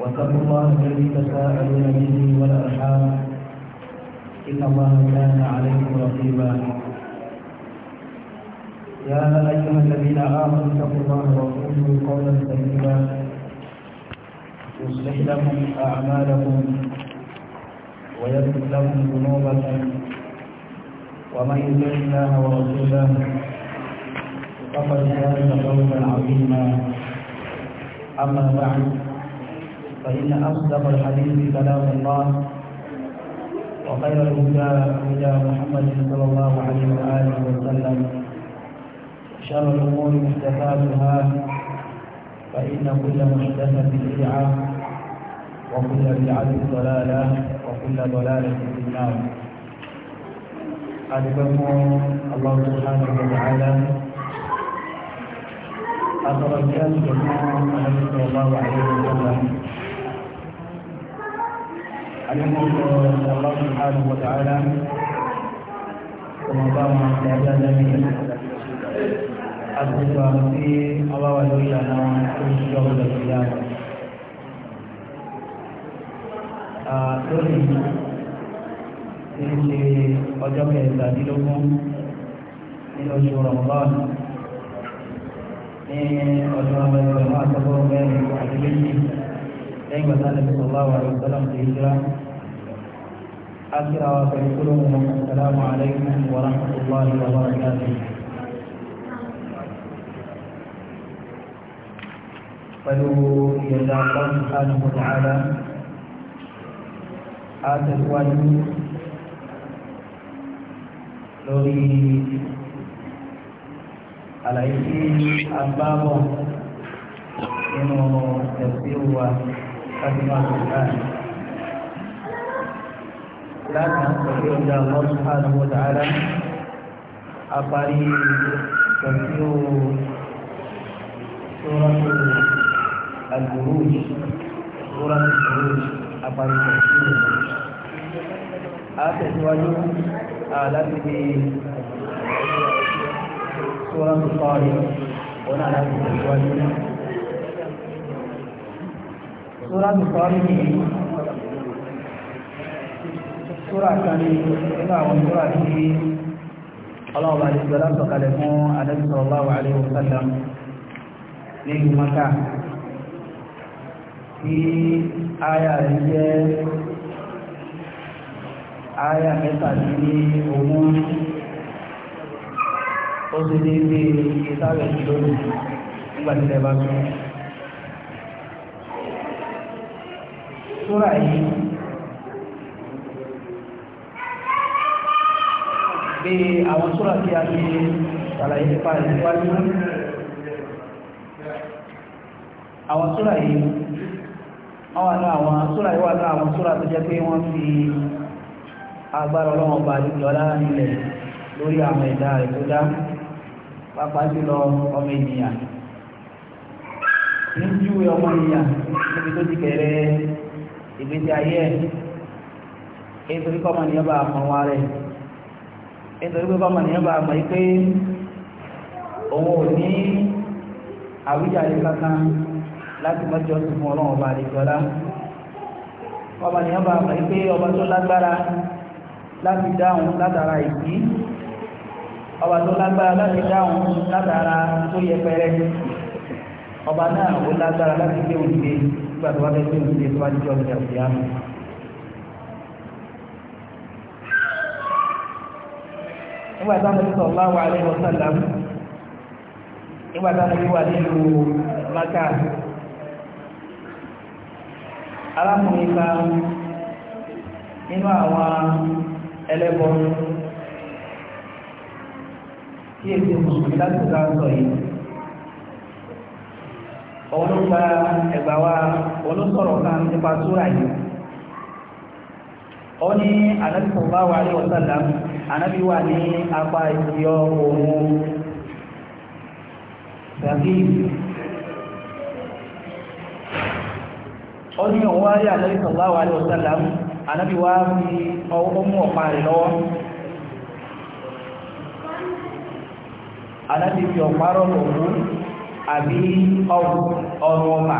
واتقوا الله الذي تساءلون به والارحام ان الله كان عليكم رقيبا يا ايها الذين امنوا اتقوا الله وقولوا قولا سديدا يصلح لكم اعمالكم ويغفر لكم ذنوبكم ومن يطع الله ورسوله فقد كان فوزا عظيما اما بعد فإن أصدق الحديث كلام الله وخير الهدى هدى محمد صلى الله عليه وآله وسلم شر الأمور محدثاتها فإن كل محدثة بدعة وكل بدعة ضلالة وكل ضلالة في النار أعلمكم الله سبحانه وتعالى أتركت جميعا النبي صلى الله عليه وسلم عليكم الله سبحانه وتعالى كما قام تعالى النبي أتوقع في الله ولي أنا أشهد أن لا lórí tí ń ṣe ọjọ́ kẹtàdínlógún nínú oṣù rọ̀mọ́bọ́ọ̀nù ní ọdún abẹ́rẹ́ ọ̀hún àtọ́gbọ́n mẹ́rin àti méjì lẹ́yìn gbàtà nàbí sallallahu alaihi wasallam ti hijira akira wa pẹ̀lú kúlóhùn wọn assalamu alaikum wa rahmatullahi wa barakatuh pẹ̀lú ìyẹ̀dá kan subhanahu wa ta'ala a tẹ̀síwájú lórí àlàyé tí a bá bọ̀ nínú tẹ̀síwájú كلمات الآن لا تنسوا إلا الله سبحانه وتعالى أقاري تفسير سورة البروج سورة البروج أقاري تفسير أتزوج آلته سورة الطارق ونعلم تزوجنا sura tó sọ ní sura kan ní nínú àwọn sura tí ọlọ́ọ̀bà lè jọ láti sọ̀kalẹ̀ fún Ànábì sallallahu alaihi wasallam ní ìlú Mákà tí aya rẹ̀ jẹ́ aya mẹ́tàdínlógún ó sì dé bí súrà yìí bí àwọn súrà tí a fi ṣàlàyé nípa ìwájú àwọn súrà yìí wọ́n wà ní àwọn súrà yìí wà ní àwọn súrà tó jẹ́ pé wọ́n fi agbára ọlọ́wọ́n ba ìjọlá nílẹ̀ lórí àwọn ẹ̀dá rẹ̀ tó dá pápá jùlọ ọmọ ènìyàn ní júwe ọmọ ènìyàn níbi tó ti bẹ̀rẹ̀ ìgbésí ayé ẹ̀ nítorí kọ́mọ nìyẹn bá mọ̀ wá rẹ̀ nítorí pé kọ́mọ nìyẹn bá mọ̀ pé òun ò ní àwíjàre kankan láti mọ́jọ́ sí fún ọlọ́run ọba àdìgbọ́lá kọ́mọ nìyẹn bá mọ̀ pé ọba tó lágbára láti dáhùn látara ìdí ọba tó lágbára láti dáhùn látara tó yẹpẹrẹ ọba náà ó lágbára láti gbé òun gbé nígbà tó wá fẹ́ gbé ìdílé tó wá di jọ́ ọ̀gbìn àti àmì. nígbà tá a nàbí sallallahu alaihi wasallam nígbà tá a nàbí wà nílùú Mákà alákùnrin kan nínú àwọn ẹlẹ́bọ tí èsì mùsùlùmí láti sọ yìí òun ló gba ẹ̀gbà wa òun ló sọ̀rọ̀ kan nípa súrà yìí ó ní ànábì sallallahu alaihi wasallam ànábì wà ní apá ìyọ òun tàbí ó ní òun wá rí ànábì sallallahu alaihi wasallam ànábì wá fi ọwọ́ mú ọ̀pá rẹ̀ lọ́wọ́ ànábì fi ọ̀pá rọ̀ àbí ọrùn ọmà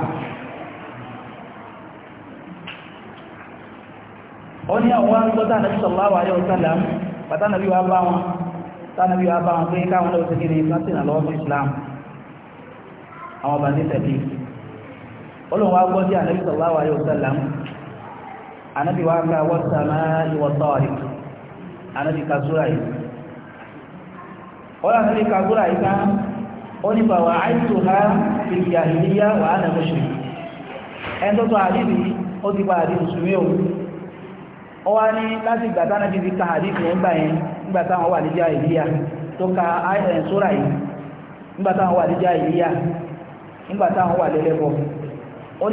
ó ní àwọn agbọ́ta àti sọ̀láwà ayọ́ ìsàlá pàtàkì wà bá wọn tánàbí wà bá wọn pé káwọn lọ́wọ́ tẹ́kì ní ìfàtìnà lọ́wọ́ fún Islam àwọn ọba ní tẹ̀lé olùwà agbọ́dí ànábì sọ̀láwà ayọ́ ìsàlá ànábì wà ká wọ́n sàmá ìwọ̀ sọ́ọ̀rì ànábì kazura yìí ó ní bàwà àìsùhá fi jàhìlíyà wà á nà mọ́ṣù tó tó ó ti pa àdìsí sùmí o ó wá ní láti ìgbà ka àdìsí yẹn gbà yẹn nígbà wà ní tó ka àìsàn eh, yìí nígbà wà ní jàhìlíyà nígbà wà lẹ́lẹ́bọ̀ ti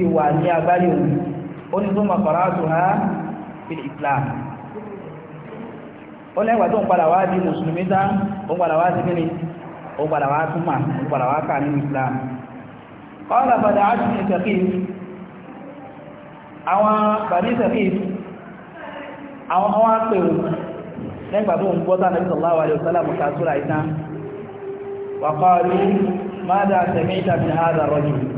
eh, ti ó ní tó máa fara àtò ha fil islam ó lẹ́wà tó ń padà wá di mùsùlùmí tá ó ń padà wá sí kíni ó ń padà wá túmà ó ń padà wá kà nínú islam qala padà á ti Saqif àwọn bàbí Saqif àwọn àwọn apèrò lẹ́gbà tó ń gbọ́ta nàbí sallallahu alaihi wasallam mọ̀ta súra ìtàn wa qalu madha sami'ta min hadha ar-rajul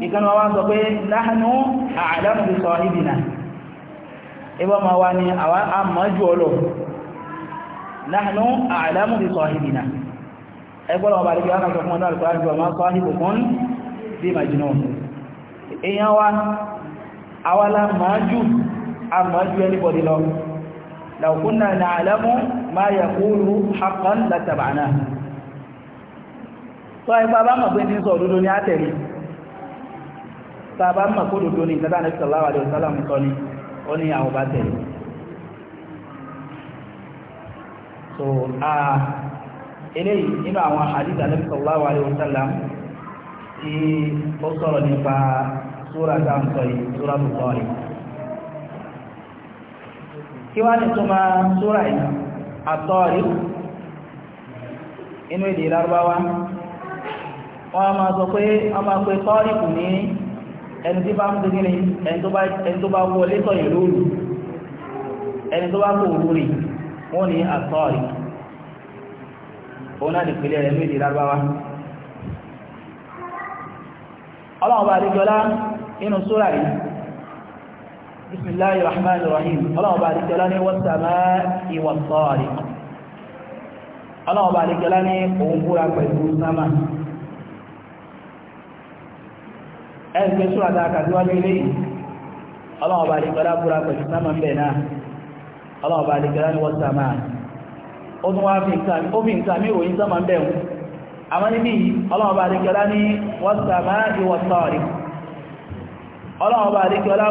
ìkan wọn wá sọ pé nahnu a'lamu bi sahibina ibọ́ ma wá ní àwọn àmọ́jú ọlọ́ nahnu a'lamu bi sahibina ẹgbọ́n wọn bá lè fi wọn sọ fún ọdún àlùkò àjọ ma sahibukum bi majnun èèyàn wa àwọn bá mọ̀ pé ní sọ òdodo ní àtẹ̀lé tá a bá mọ̀ kó dòdó ní ìtàdá ní sallallahu alaihi wasallam sọ ni ó ní àwọn bá tẹ̀lé so a eléyìí nínú àwọn hadith ní sallallahu alaihi wasallam tí ó sọ̀rọ̀ nípa súra tá à ń sọ yìí súra tó sọ yìí kí wá ní túmọ̀ súra yìí àtọ́rí inú èdè lárúbáwá wọ́n máa sọ pé wọ́n máa pe tọ́ríkù ní ẹni tí bá ń dúkí ni ẹni tó bá wọlé sọ̀yìn lóòrù ẹni tó bá kó òrùrì wọ́n ní àtọ́ọ̀rì òun náà nìpínlẹ̀ rẹ̀ méjì lárúbáwá ọlọ́run bá àdíjọlá inú súrà yìí bismillahir rahmanir rahim ọlọ́run bá àdíjọlá ní ẹgbẹ́ sọ́rọ̀ àtàkàtíwájú ilé ọlọ́ọ̀bá àdìgbàlá búra pẹ̀lú sáàmà ń náà ọlọ́ọ̀bá àdìgbàlá ni wọ́n sàmà ó tún wá fi nǹkan mí òyìn sáàmà ń bẹ̀rún ọlọ́ọ̀bá àdìgbàlá ni wọ́n ọla ọba sáàmà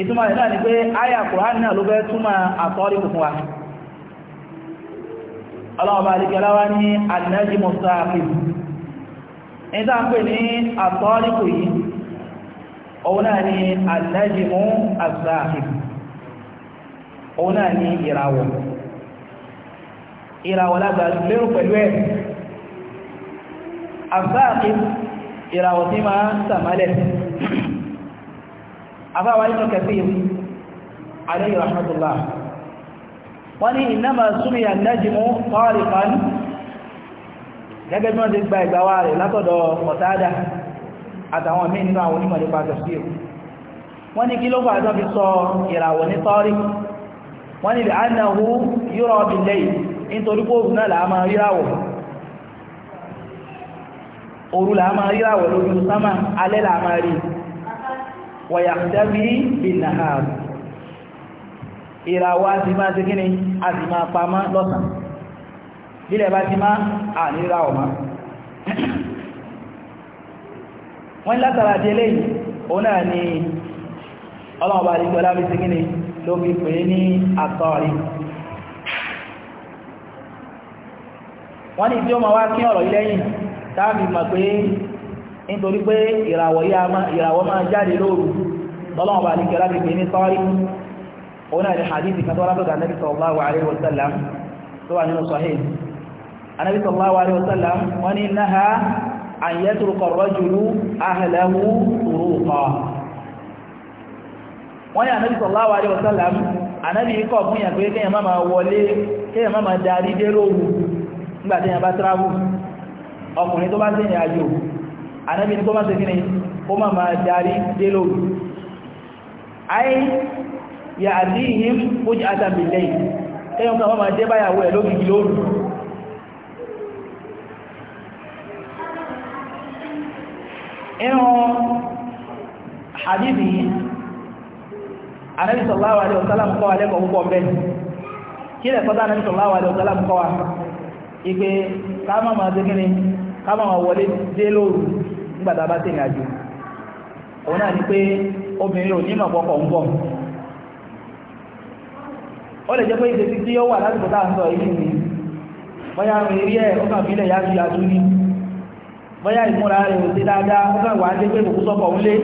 ìtumọ̀ rẹ̀ náà ni pé àyà kùránì náà ló fẹ́ túmọ̀ àtọ́rí fún wa ọlọ́ọ̀bá alìkẹ́láwá ní alìlẹ́jì mọ̀sáàfì ni ni ìràwọ̀ tí ń sàmálẹ̀ sí afáwa nínú kẹfíìn alayhi rahmatullah wọ́n ní ìnáma súnmi ànájìmú tọ́ọ̀lì kan gẹ́gẹ́ bí wọ́n ti gba ìgbàwà rẹ̀ látọ̀dọ̀ Qatada àtàwọn míì nínú àwọn onímọ̀ nípa tafsir wọ́n ní kí ló fà tán fi sọ ìràwọ̀ ní tọ́ọ̀lì wọ́n ní li'annahu yura bil-layl nítorí kóòrùn náà làá máa òru làá máa ríráwọ̀ lójú sámà alẹ́ làá máa rí wọ̀yàtẹ́bí bìnàhàr ìràwọ̀ àti máa ti gíní àti máa pamọ́ lọ́sàn bílẹ̀ bá ti máa àníra ọ̀má wọ́n látara jẹ́lẹ̀ òun náà ni ọlọ́ọ̀bà àríkọlá bí ti gíní ló fi pè ní àtọ́rí wọ́n ni tí ó ma wá kí nítorí pé ìràwọ̀ máa jáde lóru lọ́lọ́wọ́ bá nìkẹ́ láti pè ní sọ́rí òun náà hadithi kan tó wá látọ̀dọ̀ anábì sallallahu alaihi wa tó wà nínú a anábì sallallahu alaihi wa wọ́n ní náà an yatruka ar-rajulu ahlahu turuqa wọ́n ọkùnrin tó bá àjò anábi ní kó má ṣe kí ni kó má máa darí dé lóru ayé yà àti ìhìn fújì àtàbí lẹ́yìn ẹ̀yọ́ kan wọ́n máa dé báyàwó ẹ̀ lókìkí lóru inú hadithi anábi sallallahu alaihi wasallam kọ́ alẹ́kọ̀ọ́ púpọ̀ bẹ́ẹ̀ kí lẹ́kọ́ tá anábi sallallahu alaihi wasallam kọ́ wa ìpé ká má máa ṣe ni ká máa wọlé dé lóru nígbà tá a bá tẹ̀rìn àjò òun náà ni pé obìnrin ò ní mọ̀ pọ̀pọ̀ ń bọ̀ ó lè jẹ́ pé ìṣesí tí ó wà lásìkò tá à ń sọ yìí ni bóyá rìn rí ẹ̀ ó kàn fi ilẹ̀ yá ju yàtú ni bóyá ìmúra rẹ̀ ò sí dáadáa ó kàn wá dé pé kò kú sọ́kọ̀ ń lé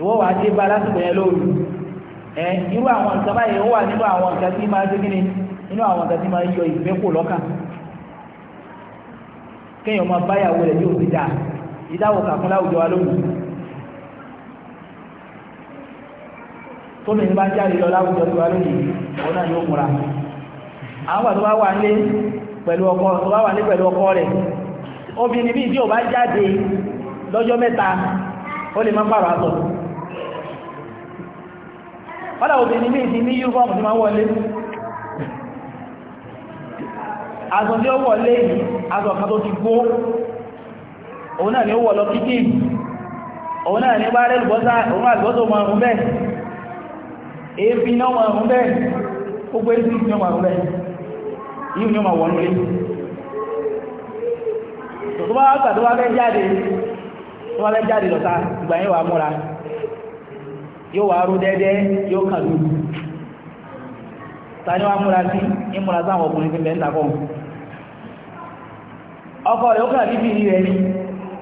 ìwọ́ wàá dé bá lásìkò yẹn lóru ẹ irú àwọn nǹkan báyìí ó wà nínú àwọn nǹkan tí máa ń dégé ni nínú àwọn ìdáwò kàkún láwùjọ wa lónìí tóbi ní bá jáde lọ láwùjọ wa lónìí òun náà yóò múra àwọn tó bá wà nílé pẹ̀lú ọkọ tó bá wà nílé pẹ̀lú ọkọ rẹ̀ obìnrin bíi tí ò bá jáde lọ́jọ́ mẹ́ta ó lè má pààrọ̀ àtọ̀ wọ́n láwọn obìnrin bíi ti ní uniform tí máa wọlé àtọ̀ tí ó wọlé àtọ̀ kan tó ti gbó òun náà ni ó wọ̀ lọ kíkì òun náà ni ó bá rẹ̀ lùbọ́sà òun àgbọ́sọ̀ mọ̀ ọ̀run bẹ́ẹ̀ èéfín náà mọ̀ ọ̀run bẹ́ẹ̀ gbogbo èéfín ní ọmọ ọ̀run bẹ́ẹ̀ yíò ní ọmọ wọ̀n lé tó bá wákà tó bá fẹ́ jáde tó bá fẹ́ jáde lọ́ta ìgbà yíò wà ni ó kàn níbi rẹ̀ ni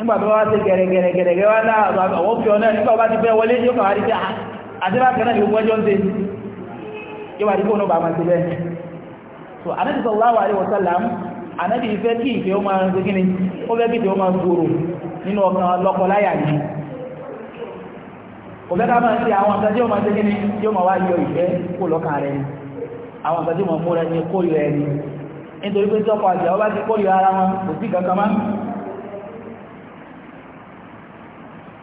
nígbàtí wọ́n ṣe gẹ̀rẹ̀gẹ̀rẹ̀gẹ̀rẹ̀ wá láàrín àwọn fi ọ̀nà nígbà bá ti fẹ́ wọlé yóò kàwàrí pé ah, àdílákaná ni gbogbo ẹjọ́ ń tẹ́ yíwà rí fóònù bàmà ti bẹ́ so anábi sallallahu alaihi wasallam anábi ìfẹ́ kí ìfẹ́ ó máa ń gbé gíní ó fẹ́ kí ìfẹ́ ó máa gbòòrò nínú ọkàn lọ́kọláyà ni kò fẹ́ ká máa ṣe àwọn nǹkan tí ó máa ṣe gíní tí ó máa wá yọ ìfẹ́ kó lọ́kàn rẹ̀ àwọn nǹkan tí ó máa múra ní kórìíra ẹni nítorí pé tí ọkọ̀ àti àwọn bá ti kórìíra ara wọn kò sí kankan máa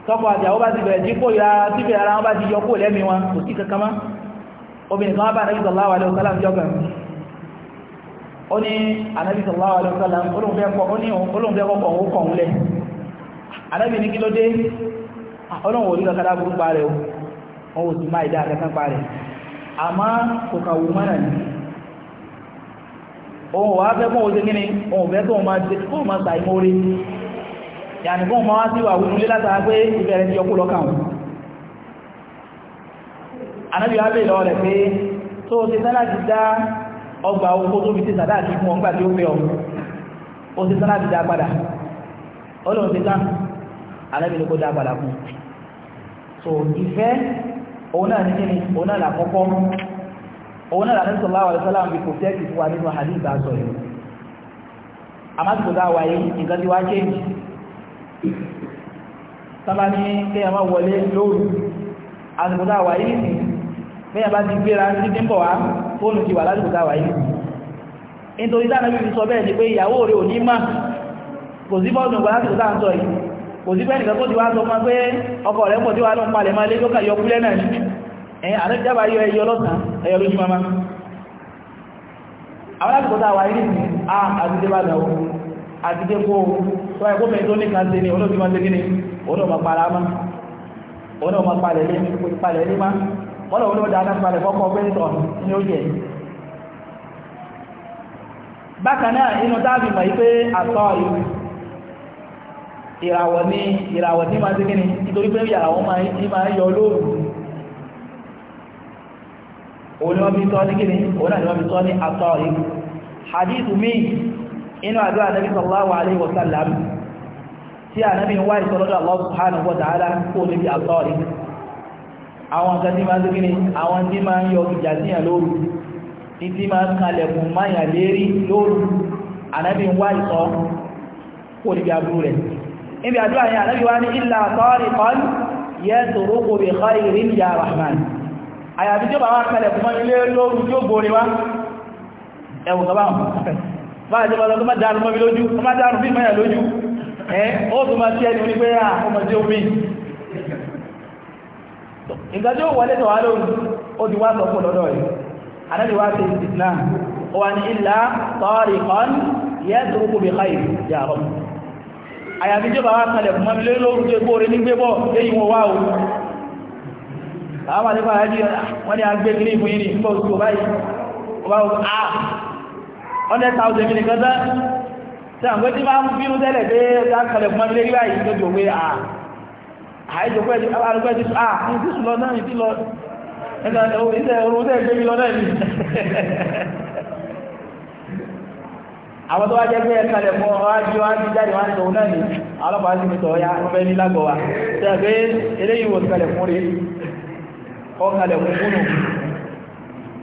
tọ́pọ̀ àti àwọn bá ti bẹ̀rẹ̀ dípò ìrara síbẹ̀ ara wọn bá ti yọkó lẹ́mí wọn kò sí kankan mọ́ obìnrin kan wá bá Ànábì sallallahu alaihi wasallam jọ́gbẹ̀ ó ní Ànábì sallallahu alaihi wasallam olóhùnfẹ́kọ̀ọ́ òun kọ̀ọ̀ún lẹ̀ Ànábì ní kí ló dé ọlọ́run ah, ò rí kankan dábúrú pa rẹ̀ o wọn ò sì máa ìdá kankan pa rẹ̀ àmọ́ kò kà wù mọ́nà ni òun wà á fẹ́ kóhun ṣe kí ni òun fẹ́ kóhun máa ṣe kóhun máa ṣàìmóore yàníkún ma wá sí wà wúlé látara pé ìbẹ̀rẹ̀ ti ọkú lọ́kàn anábì wá bèèrè ọ̀rẹ̀ pé tó o ti sẹ́lá ti dá ọgbà oko tó fi ti sàdá àti fún ọgbà tí ó fẹ́ ọ o ti sẹ́lá ti dá padà ọlọ́run ti tán anábì ló kó dá padà fún so ìfẹ́ òun náà ní kíni òun náà làkọ́kọ́ òun náà lànà sọ̀lá wàlẹ̀ sọ́lá àmì kò fẹ́ kì fún wa nínú sábà ní kéèyàn wọlé lóòrù àsìkò a wà yìí nìyí bẹ́ẹ̀ bá ti gbéra ní ti ń bọ̀ wá fóònù ti wà lásìkò tá a wà yìí nítorí táwọn ẹbí fi sọ bẹ́ẹ̀ ni pé ìyàwó rẹ̀ ò ní mà kò sí bọ́ọ̀nù gbà lásìkò tá à ń sọ yìí kò sí bẹ́ẹ̀ nìkan kó ti wá sọ fún pé ọkọ rẹ̀ pọ̀ tí wà lọ́n palẹ̀ máa lé lókà yọ a wà yìí nìyí àti dépò tó ẹkọ́ mẹ́ tó nìkan ṣe ni olóògbé máa ṣe kí ni olóògbé pàlá mọ́ olóògbé palẹ̀ lé palẹ̀ lé má wọ́n olóògbé dáadáa palẹ̀ fọ́kọ́ pé tọ̀ ní ó jẹ́ bákan náà inú táàbì mọ̀ pé àtọ́ ìràwọ̀ ní ìràwọ̀ tí máa ṣe kí ni nítorí pé yàrá wọn máa ń sọ ní kí ni òun náà sọ ní àtọ́ ìlú hadith mi inú àdúrà nabi sallallahu alaihi wasallam tí a nabi wá ìsọlọ́dọ̀ Allah subhanahu wa ta'ala kó níbi àtọ́rí àwọn nǹkan tí máa ń gíní àwọn tí máa ń yọ ìjà síyàn lóru títí máa ń kalẹ̀kùn máyà lérí lóru ànábì wá ìsọ kó níbi aburú rẹ̀ níbi àdúrà yẹn ànábì wá ní illa tariqan yasruqu bi khairin ya rahman àyàfi tí ó bá wá kalẹ̀kùn máyà lérí lóru tí ó borí wá ẹ̀wùn kaba báyìí tó bá lọ tó má dárùn mọ́bí lójú tó má dárùn bí mọ́yà lójú ẹ́ ó tó má tí ẹni orí pé à ah, ọmọ tí ó bí ìgbà tí ó wọlé tọ̀wá lóhun ó ti wá sọ fún lọ́dọ̀ rẹ̀ adájọ́ wá sí Islam ó wà ní ilá tọ́ọ̀rì kan yẹ́ tó kó bí káyì jà rọ̀ àyàfi tí ó bá wá kalẹ̀ fún mọ́bí lórí tó kó orí nígbé bọ́ léyìn wọn wá o àwọn àti bá wọ́n ni a gbé kiri fún yìí ní ìfọ́ òṣù báyìí hundred thousand mi nìkan àwọn Ha ha lọ lọ lọ ha ha ha tó wá jẹ́ pé ha ha ha ha wá ha jáde wá ha náà ni ọlọ́pàá sí ha ha ya ha ha ha ha ha pé ha ha ha fún ha ha fún ha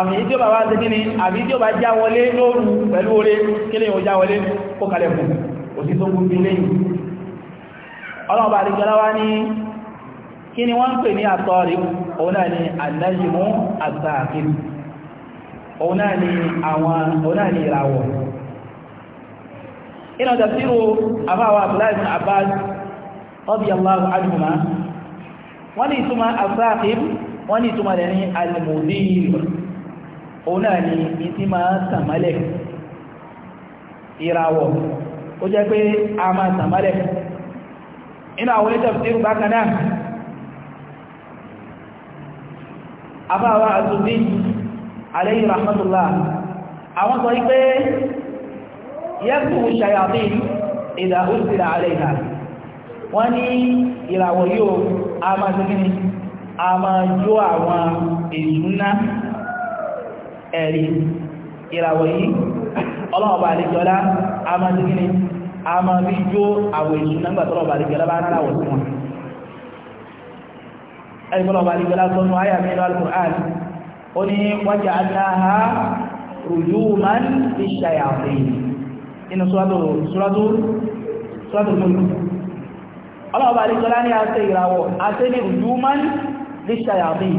àmì tí ó bá wá ti kíni àbí tí ó bá já wọlé lóòrù pẹ̀lú oore kí lè yóò já wọlé kó kalẹ̀ fún òsì tó gún bí lẹ́yìn ọlọ́ọ̀bá àríkẹ́lá wá ní kí ni wọ́n ń pè ní àtọ́rí òun náà ni àdájìmú ni àwọn òun náà ni ìràwọ̀ iná tafsiru òun náà ni ìtí máa tàmálẹ̀ ìràwọ̀ ó jẹ́ pé a máa tàmálẹ̀ inú àwọn onítọ̀fẹ́rù bákan náà afáwà àtúndí alayhi rahmatullah àwọn sọ wípé yẹ́kù ṣayàtí ìdà òsìlà alayha wọ́n ní ìràwọ̀ yóò a máa jẹ́ a máa jó àwọn èṣù náà ẹ̀rí ìràwọ̀ yìí ọlọ́ọ̀bà àlejọ́lá a máa ti gíní a máa fi jó àwọ̀ èṣù nígbà tọ́lọ̀bà àlejọ́lá bá ráwọ̀ sí wọn ẹgbọ́lọ̀bà àlejọ́lá sọ́nù àyà mẹ́rin al-Qur'an ó ní wájà aláha rujuman fi ọlọ́ọ̀bà àlejọ́lá ní a ṣe ìràwọ̀ a ṣe ní rujuman fi shayatin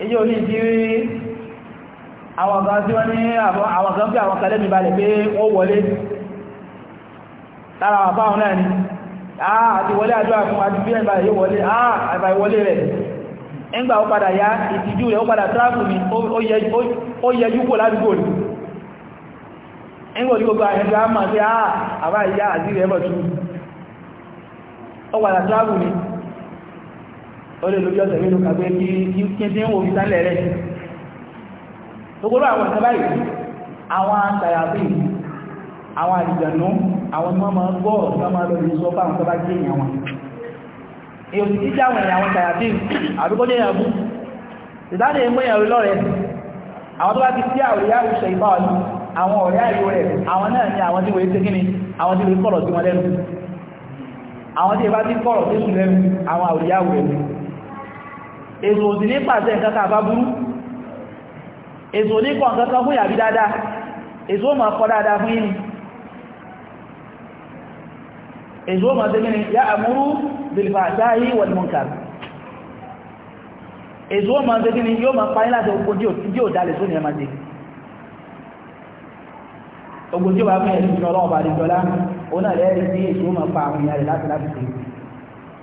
èyí ò ní ti rí àwọn kan tí wọ́n ní àwọn kan bí àwọn kan lẹ́mìí balẹ̀ pé wọ́n wọlé lára àwọn fáwọn náà ni àti wọlé àjọ àfún àti bí ẹ̀n balẹ̀ yóò wọlé àbà ìwọlé rẹ̀ ńgbà ó padà yá ìtìjú rẹ̀ ó padà tíráàfù mi ó yẹjú kò ládùúgbò rẹ̀ ẹgbọ́n tí gbogbo àyẹ̀dọ́ á máa sí àbá ìyá àti rẹ̀ bọ̀ tún ó padà tíráàfù mi ó lè lójú ọ̀sẹ̀ mélòó kàgbé kí kí kí tí ń wo ìta lẹ̀rẹ̀ gbogbo àwọn ìta báyìí àwọn àtàyàbí àwọn àdìjànú àwọn ọmọ ọmọ gọ́ọ̀ tí wọ́n máa lọ lè sọ fáwọn tó bá jẹ́ èèyàn wọn èyí tí jáwọn èèyàn àwọn tàyàbí àdúgbọ́jẹ́ èèyàn bú ìdáde mú èèyàn lọ́rẹ̀ àwọn tó bá ti sí àwòrẹ́ àwòṣẹ́ ìbá ọ̀lú àwọn ọ̀rẹ́ àyò rẹ̀ àwọn náà ni àwọn tí wọ́n ti kíni àwọn tí wọ́n kọ̀rọ̀ sí wọn lẹ́nu àwọn tí wọ́n bá ti kọ̀rọ̀ sí wọn lẹ́nu àwọn àwòrẹ́ àwòrẹ́ èsò òsì ní pàṣẹ nǹkan àbá burú èsò ní kọ̀ nǹkan fún ìyàbí dáadáa èsò ó máa kọ dáadáa fún yín èsò ó máa ṣe mìírí yá àmúrú bilfàṣáyí wọlmùnkàr èsò ó máa ṣe mìírí yóò máa páyín láti ogun tí ó dálẹ̀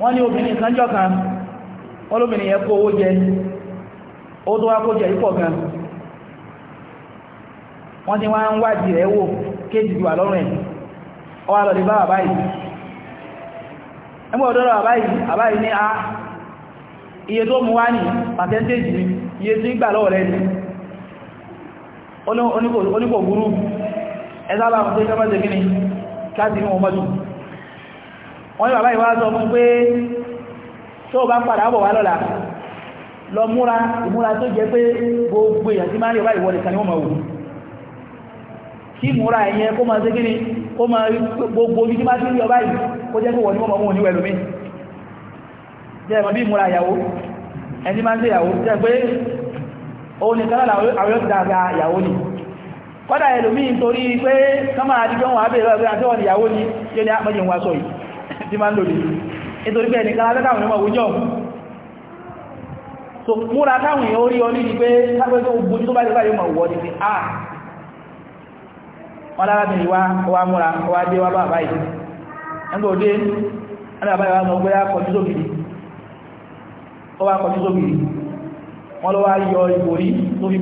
wọ́n ní obìnrin ìsànjọ́ kan wọ́n lóbìnrin owó jẹ ó tó wá kó jẹ ìpọ̀ gan wọ́n ti wá ń wádìí rẹ̀ wò kéjì wà lọ́rùn ẹ̀ ó wá lọ́dí bá ẹgbẹ́ ọ̀dọ́rọ̀ àbáyì àbáyì ní a iye tó mú wá ní iye tí gbà wọ́n ní bàbá ìwá sọ fún pé tó bá padà bọ̀ wá lọ́la lọ múra ìmúra tó jẹ pé gbogbo èèyàn tí máa ń yọba ìwọ nìkan ni wọ́n máa wù kí múra ẹ̀yẹn kó máa ségíní kó máa gbogbo ojú máa ti ń yọba kó jẹ́ pé wọ́n ni wọ́n máa mú níwẹ̀lú mi jẹ́ ẹ̀mọ́ bí múra ìyàwó ẹni máa ń ṣe ìyàwó jẹ́ pé òun nìkan náà àwọn yóò ti dáadáa ìyàwó ni kọ́dà ẹlòmíì nítorí pé kọ́mà àdíjọ́ wọn àbẹ̀rẹ̀ ọ̀gbẹ́ àti wọn ni yóò ní àpọ́jẹ̀ wọn aṣọ yìí tí máa ń lò ní nítorí pé ẹnìkan alẹ́ káwọn ọmọ so múra káwọn èèyàn orí ọ nídi pé sápẹ́jọ́ ogun tó bá lè báyìí mọ̀ wọ́ ní pé à ah! wọ́n lára bí wá wá múra wá dé wá bá báyìí ẹgbẹ́ òdé ẹgbẹ́ àbáyìí wá mọ̀ pé á kọjú sóbìrì ó wá kọjú sóbìrì wọ́n lọ wá yọ ìborí tó fi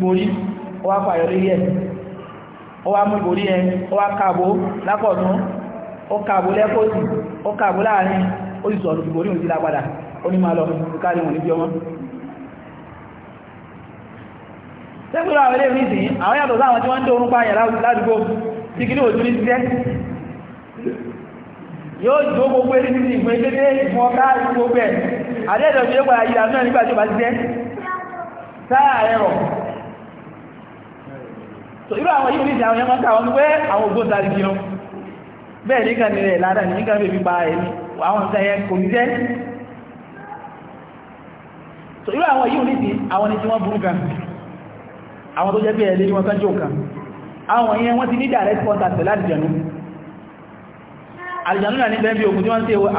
ó kààbò lẹ́kọ́ọ̀sì ó kààbò láàrin ó sì sọ̀rọ̀ ìgbò oníhùn sí lápadà ó ní máa lọ káàrí wọn níbi ọmọ sẹ́kùnrin àwọn ilé ìrìnsìn àwọn yàtọ̀ sáwọn tí wọ́n ń dé orúnpa àyà ládùúgbò tí òjú ní ṣiṣẹ́ yóò jó gbogbo eré nínú ìgbé dédé ìfún ọká gbogbo ẹ̀ àdẹ́ẹ̀dọ̀ tí ó gbà yìí àmì nígbà tí ó bá ṣiṣẹ́ sáà ẹ̀rọ irú àwọn yìí ní ìsìn àwọn yẹn mọ́ bẹ́ẹ̀ nígbà ní rẹ̀ ládà nígbà bèbí pa ẹni àwọn nǹkan yẹn kò ní jẹ́ so irú àwọn yìí ní ti àwọn ní tí wọ́n burú kan àwọn tó jẹ́ bí ẹ̀lẹ́ ní wọ́n tán kan àwọn yẹn wọ́n ti ní direct contact náà ní bẹ́ẹ̀ bí ogun tí wọ́n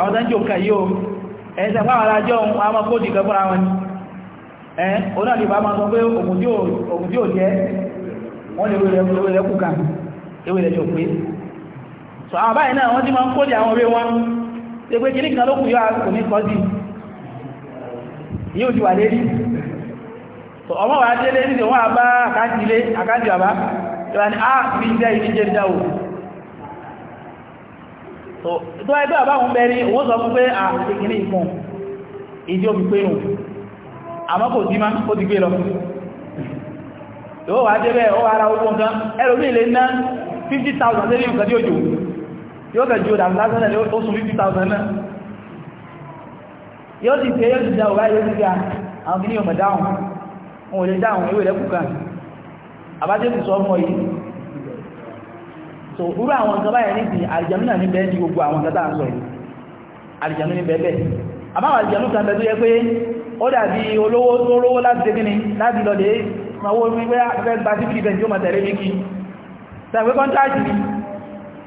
a kan so àwọn báyìí náà wọ́n ti máa ń kódì àwọn orí wọn tí pé kìíní kan ló kù yọ àkùkù ní kọjú yóò ti wà lérí so ọmọ wà délé ní wọ́n àbá àkájì ilé àkájì àbá ìwà ni áàpì jẹ́ ilé jẹ́ ìdáwò so tó ẹgbẹ́ àbáhùn bẹ̀rí owó sọ fún pé àkìíní ìfún ìdí omi pé hùn àmọ́ kò dí má ó ti gbé lọ yóò wà débẹ̀ ó ara ogun kan ẹlòmí ilé ná 50,000 lórí nǹkan tí ó jò yóò kẹjọ dàmì lásán náà ó sùn 50,000 náà yóò ti tẹ́ yóò ti dá òwá yóò ti ga àwọn kìí ọmọ dáhùn wọn ò lè dáhùn ìwé rẹ̀ kùkà àbájẹ́kù sọ mọ́ yìí so irú àwọn nǹkan báyẹ̀ níbi àlìjànú náà ní bẹ́ẹ̀ ní gbogbo àwọn nǹkan táà ń sọ yìí àlìjànú ní bẹ́ẹ̀ bẹ́ẹ̀ àbáwọn àlìjànú kan bẹ́ẹ̀ tó yẹ pé ó dàbí olówó tó rówó láti ṣe kíni láti lọ lè sanwó wípé fẹ́ gba síbìlì bẹ́ẹ̀ tí ó mọ̀ tẹ̀lé ní kí sàgbé kọ́ńtáàtì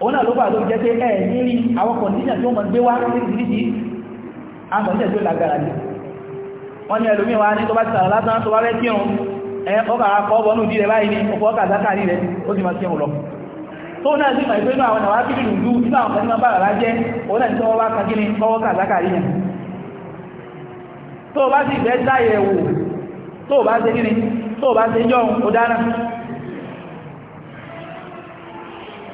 òun náà ló bá ló jẹ́ pé ẹ̀ nírí àwọn wa ni mọ̀ gbé wá nítorí àwọn kọ̀ndíṣàn tó lágbára ni wọ́n ní ẹlòmíì wá ní tó bá ti sàrà lásán tó bá fẹ́ kírun ẹ ọkà akọ́bọ̀ ní ìdí rẹ̀ báyìí ní ọkọ̀ ọkà zákàrí rẹ̀ ó sì máa kírun lọ tó náà sì máa ìgbénú àwọn àwọn akíbi lùdú nínú àwọn kọ̀ndíṣàn bá rà jẹ́ òun náà ní tọ́wọ́ bá kan kíni kọ́wọ́ kà zákàrí yẹn tó bá sì fẹ́ dáyẹ̀wò tó bá ṣe kíni tó bá ṣe jọ́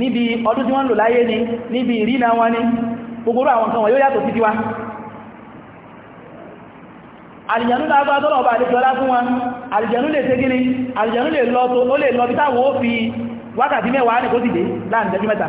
níbi ọdún tí wọ́n lò láyé ni níbi ìrìnà wọn ni gbogbo àwọn nǹkan wọ̀nyí ó yàtọ̀ sí tiwa àlìjànú lágbà tọ́lọ̀ ọba àdéjọlá fún wọn àlìjànú lè ṣe gíní àlìjànú lè lọ tó ó lè lọ bí táwọn ó fi wákàtí mẹ́wàá ní kó sì dé láàrin jẹ́jú mẹ́ta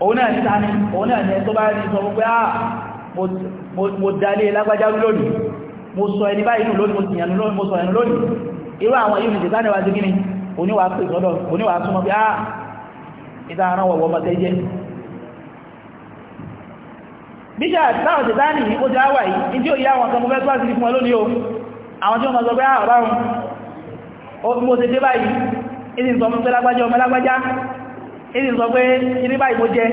òun náà ní tani òun náà ní ẹ̀tọ́ bá rí sọ gbogbo ah, àà mo dalé lágbájá lónìí mo sọ ẹni báyìí nù lónìí mo sì yànú lónìí mo sọ ẹ̀nù lónìí irú àwọn yìí nìtẹ̀ sáà níwájú gíní oníwà pè sọ́dọ̀ oníwà súnmọ́ ah, bí àà ìta ara wọ̀wọ̀ mọ̀tẹ́ jẹ́ bíṣà táwọn tẹ̀ sáà nìyí ó ti áwà yìí ní tí ó yá àwọn kan mo fẹ́ o àwọn tí ó mọ̀ sọ pé ah, àà ọ̀rọ̀ mo ti dé ìdí sọ pé ìdí báyìí mo jẹ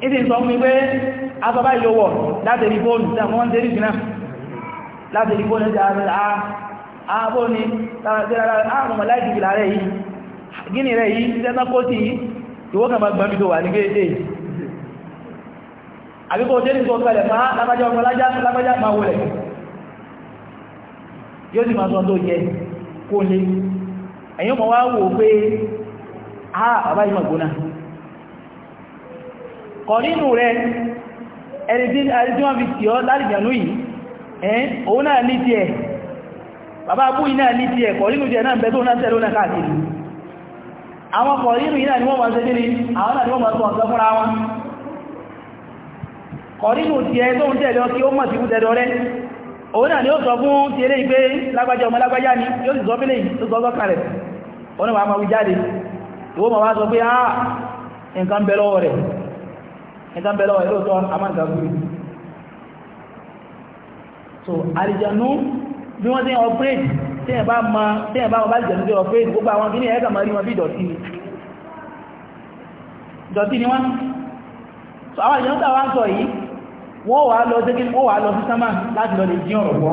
ìdí sọ fún mi pé aṣọ báyìí ló wọ̀ láti rí fóònù tí àwọn ṣe rí sí náà láti rí fóònù tí a ah, ah, bó ní àwọn mọ̀láìkì ìlà rẹ̀ yìí gíní rẹ̀ yìí ti tẹ́tán kó sí ìwọ́kàn bá gbọ́n bí tó wà ní gbé àbíkò tí ó kẹlẹ̀ máa lábájá ọmọ lábájá máa wọlẹ̀ yóò sì máa sọ tó jẹ kó lé ẹ̀yìn ọmọ wá wò pé ha ah, bàbá yìí mọ̀gbóná kọ̀rínù rẹ ẹni tí wọ́n fi tì ọ́ lálìjànú yìí ẹ́ òun náà ní tí ẹ̀ bàbá abú yìí náà ní tí ẹ̀ kọ̀rínù jẹ náà bẹ̀tọ́ náà tẹ́lú náà káàkiri àwọn kọ̀rínù yìí náà ni wọ́n máa ń sẹ́kiri àwọn náà ni wọ́n máa sọ ọ̀sán fúnra wọn kọ̀rínù tí ẹ tó ń tẹ̀lé ọ ni ó sọ fún ti eré ìgbé lágbájá ọmọ lágbájá ni yóò sì sọ fílẹ̀ ìwọ́n ma wá sọ pé áà ah, nǹkan bẹ lọ́wọ́ rẹ̀ nǹkan bẹ lọ́wọ́ rẹ̀ amáǹkà gúrù so àlìjànú bí wọ́n ti ń ọpẹ́ẹ̀tì tí ẹ̀ bá ma tí ẹ̀ bá wọn bá jẹ̀ lórí ọpẹ́ẹ̀tì gbogbo àwọn kí ní ẹ̀ẹ́kà máa ni ìdọ̀tí wọ́n so àwọn àlìjànú tàwa ń sọ yìí wọ́n wà lọ sí sánmà láti lọ lè jí ọ̀rọ̀ pọ̀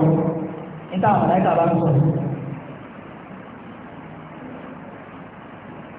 níta àwọn àláìkà bá ń sọ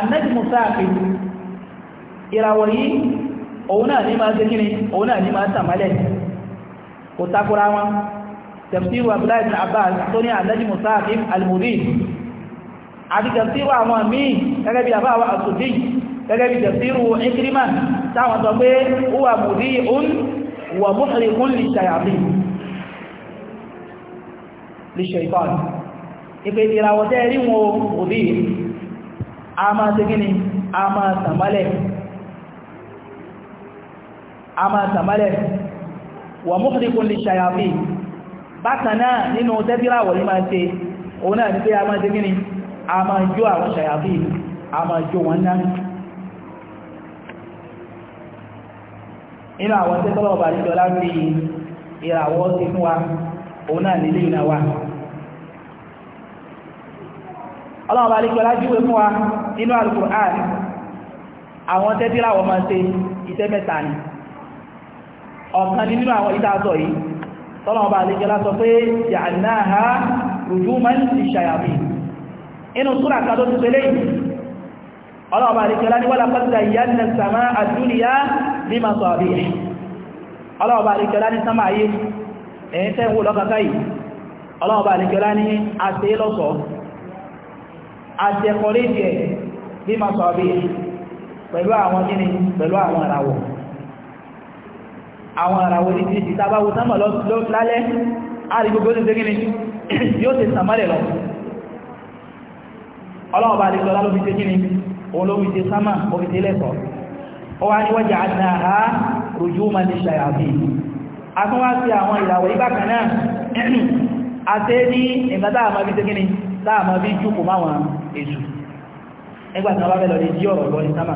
annabi musafi ìràwọ̀ yìí òun náà ní máa sékíní òun náà ní máa tàmálẹ̀ kò takura wọn tafsiru abdullahi bin abbas tó ní annabi musafi al-mubin àti tafsiru àwọn míì gẹ́gẹ́ bí àbáwà àsùdí gẹ́gẹ́ bí tafsiru ikrima táwọn sọ pé huwa mudhi'un wa muhriqun lishayatin lishayatin ìpè ìràwọ̀ tẹ́ rí wọn òbí ama ta gini ama ta male wa ta male wa muhrikun lishayati batana ninu dabira wali ma te ona ni pe ama ta gini ama jo awon shayati ama jo wannan ina inu te tolo ba ri do la fi ira wo ti fun wa ona na wa Allah ba li ko la inú alukur'an àwọn tẹ́tíra wọ́n máa ṣe iṣẹ́ mẹ́ta ni ọ̀kan nínú àwọn ìdáàtọ̀ yìí tọ́lọ̀ ọba àlejọ́lá sọ pé ya'naha rujuman lishayatin inú súra kan tó ti pẹ́lẹ́ yìí ọlọ́ọ̀bá àlejọ́lá ní wọ́lá pàtàkì zayyana as-samaa ad-dunya bimasabih ọlọ́ọ̀bá àlejọ́lá ní sámà ayé ẹ̀yìn tẹ́ ń àti ẹ̀kọ́ rédí ẹ̀ bí ma sọ bí pẹ̀lú àwọn gíní pẹ̀lú àwọn ìràwọ̀ àwọn ìràwọ̀ ní ti ti tàbáwò sánmà lálẹ́ àrígbogbo ní ṣe gíní yóò ti sàmọ́lẹ̀ lọ ọlọ́ọ̀bá àrígbọ́lá ló fi ṣe gíní òun ló fi ṣe sánmà ó fi ṣe lẹ́kọ̀ọ́ ó wá ní wọ́jà àdáhà rojú ma ní ṣàyàbí a tún wá sí àwọn ìgbàtà àmàbí ṣe gíní láàmàbí jùkù máwọn èṣù nígbà tí wọ́n bá fẹ́ lọ lè jí ọ̀rọ̀ lọ ní sámà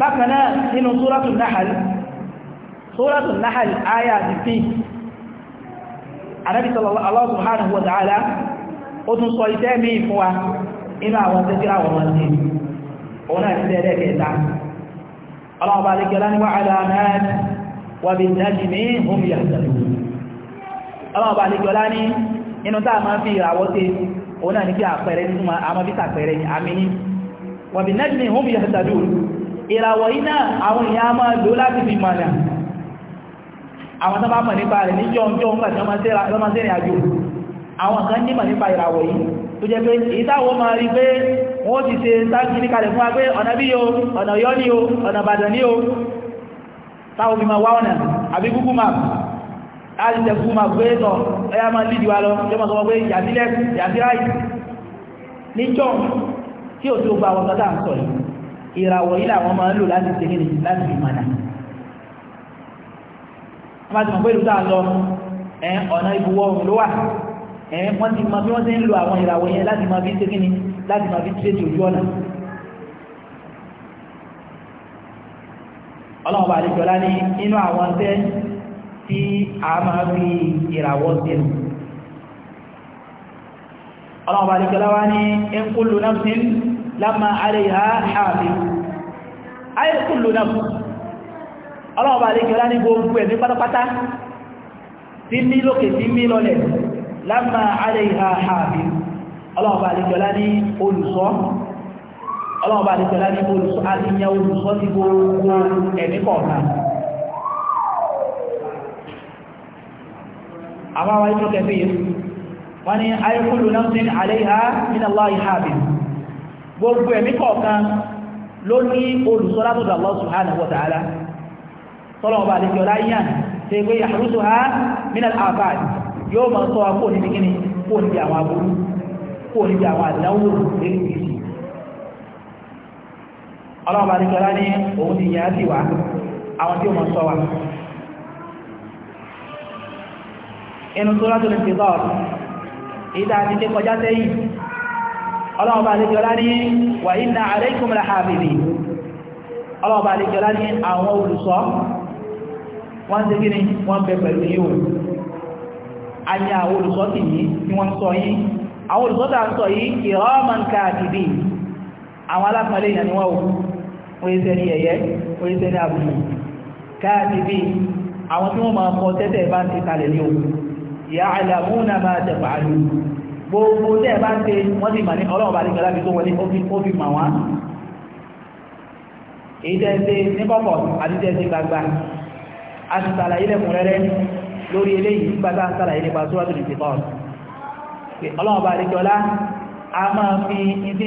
bákan náà nínú suratul Nahl suratul Nahl àyà àti fi Ànábì sallallahu subhanahu wa ta'ala ó tún sọ iṣẹ́ míì fún wa inú àwọn tẹ́síra wọn wọ́n sí òun náà ti tẹ́lẹ̀ kẹta ọlọ́ọ̀bá alẹ́kẹ́lá ní wà aláàmẹ́rin wà bí nájì ní hùmìyàn tẹ̀lú inú tá a máa fi ìràwọ̀ ṣe òun náà ní kí àpẹẹrẹ nínú àmọ́ bí sàpẹẹrẹ ní àmì ní wàbí nẹ́jìnì hùm yàtàdù ìràwọ̀ yìí náà àwọn èèyàn máa lò láti fi mọ̀nà àwọn tó bá mọ̀ nípa rẹ̀ ní jọjọ́ ń gbàtí wọ́n máa sẹ́rìn àjò àwọn kan nímọ̀ nípa ìràwọ̀ yìí tó jẹ́ pé ìtàwọ̀ máa rí pé wọ́n ti ṣe sáàkì ní kalẹ̀ fún wa pé ọ̀nà bí yóò ọ̀nà yọ́ ní o ọ̀nà Ìbàdàn ní o táwọn fi máa wá ọ̀nà àbí Google Maps àìsẹ̀kú ma gbé tọ̀ ẹyà máa lìdí wa lọ yọ ma sọ pé yàtílẹ̀ yàtíráì níjọ́ tí ò tí ó gba àwọn kọ́tà ń sọ yìí ìràwọ̀ yìí làwọn máa ń lò láti ṣe nílẹ̀ láti fi mànà wọ́n bá ti mọ̀ pé ìlú tá a lọ ẹ̀ ọ̀nà ìbúwọ̀ òun ló wà ẹ̀ wọ́n ti mọ bí wọ́n ti ń lo àwọn ìràwọ̀ yẹn láti mọ bí ṣe kí ni láti mọ bí ṣe ti ojú ọ̀nà ọlọ́run bá àlejò ní inú àwọn tẹ́ tí a máa fi ìràwọ̀ sínú ọlọ́run bá dìkẹ́lá wá ní in kullu nafsin lamma alayha hafiz ayé kullu nafsin ọlọ́run bá dìkẹ́lá ní gbogbo ẹ̀mí pátápátá tí mí lókè tí mí lọlẹ̀ lamma alayha hafiz ọlọ́run bá dìkẹ́lá ní olùṣọ́ ọlọ́run bá ní olùṣọ́ àbáwá ibn Kathir wọ́n ní ayékúlù náà aléhà min Allahi hafiz gbogbo ẹ̀mí kọ̀ọ̀kan ló ní olùsọ́látọ̀dọ̀ Allah subhanahu wa ta'ala tọ́lọ̀ọba àdíkẹ́ ọ̀lá yíyàn tí pé àrúsù ha min al-afad yóò máa sọ kó níbi kíni kó níbi àwọn aburú kó níbi tí ó máa sọ wa inú tó látò lè fi bọ́ ìdá àti tí kọjá tẹ́yìn ọlọ́ọ̀bá àlejọ́lá ní wà inna alaykum la hafizin ọlọ́ọ̀bá àlejọ́lá ní àwọn olùṣọ́ wọ́n tẹ́ gíní wọ́n bẹ pẹ̀lú yíò a ní àwọn olùṣọ́ tì yí tí wọ́n sọ yí àwọn olùṣọ́ tà ń sọ yí kiraman katibin àwọn alápàálẹ̀ èèyàn ni wọ́n wò wọ́n ẹ̀yẹ́ wọ́n yẹ́ sẹ́ni àwọn tí wọ́n máa kọ tẹ́tẹ̀ ya'lamuna ma taf'alun gbogbo tẹ́ bá tẹ wọ́n ti mà ní ọlọ́ọ̀bá ní gbọ́lábi tó wọlé ó fi mà wá èyí tẹ́ ṣe ní kọ́kọ́ àti tẹ́ ṣe gbagba a ti sàlàyé lẹ́kùnrẹ́rẹ́ lórí eléyìí nígbà tá a sàlàyé nípa sóràtò lè tẹ́kọ́ ọlọ́ọ̀bá ní gbọ́lá a máa fi ìdí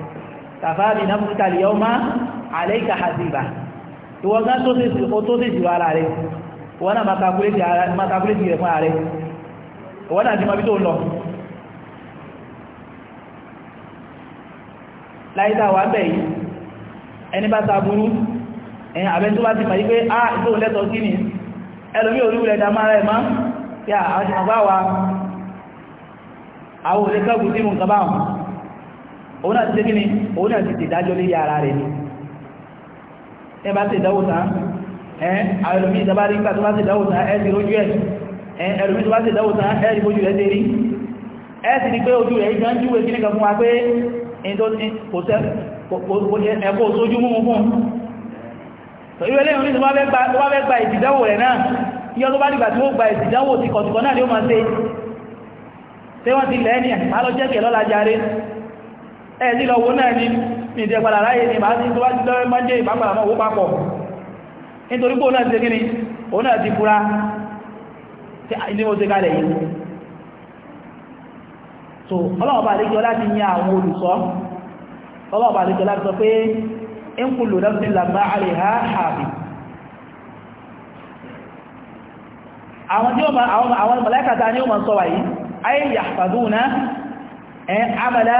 kàfá bí nafsika al-yawma alayka hasiba ìwọ gán tó sì tó sì jù ara rẹ̀ wọ́n náà makakuléti rẹ̀ fún ara rẹ̀ wọ́n náà ti mọ́ bí tó ń lọ láìta wà bẹ̀ yìí ẹni bá sàbúrú ẹ̀yìn àbẹ́ tó bá ti fàyí pé á ah, tó lẹ́tọ̀ sí ni ẹlòmí orílẹ̀ dámára ẹ̀má yà àwọn ti wa àwọn olè kẹ́gùn sínú nǹkan báwọn òun náà ti ṣe kíni òun náà ti tìdájọ́ lórí ara rẹ̀ ni ẹ bá ti dáwò tán ẹ àwọn ẹlòmí ìjọba rí nígbà tó bá ti dáwò tán ẹ ti rójú ẹ ẹlòmí tó bá ti dáwò tán ẹ ti bójú rẹ̀ dérí ẹ ti ní pé ojú rẹ̀ gan júwe kíní kan fún wa pé ẹ̀kọ́ sójú mú fún ìwé lẹ́yìn oníṣẹ́ tó bá fẹ́ gba ìtìdánwò rẹ̀ náà yíò tó bá ti kọ̀tùkọ̀ náà ni ó lọ́la jàre ẹ̀ẹ́dí lọ wọ́n náà ní ìdẹ̀ padà ráyè ní ìbájí tó wá ti lọ́rẹ́ máa jẹ́ ìbápadà mọ́ owó papọ̀ nítorí pé òun náà ti gíní òun náà ti fura ilé mo ti yìí so láti àwọn láti sọ pé ń lò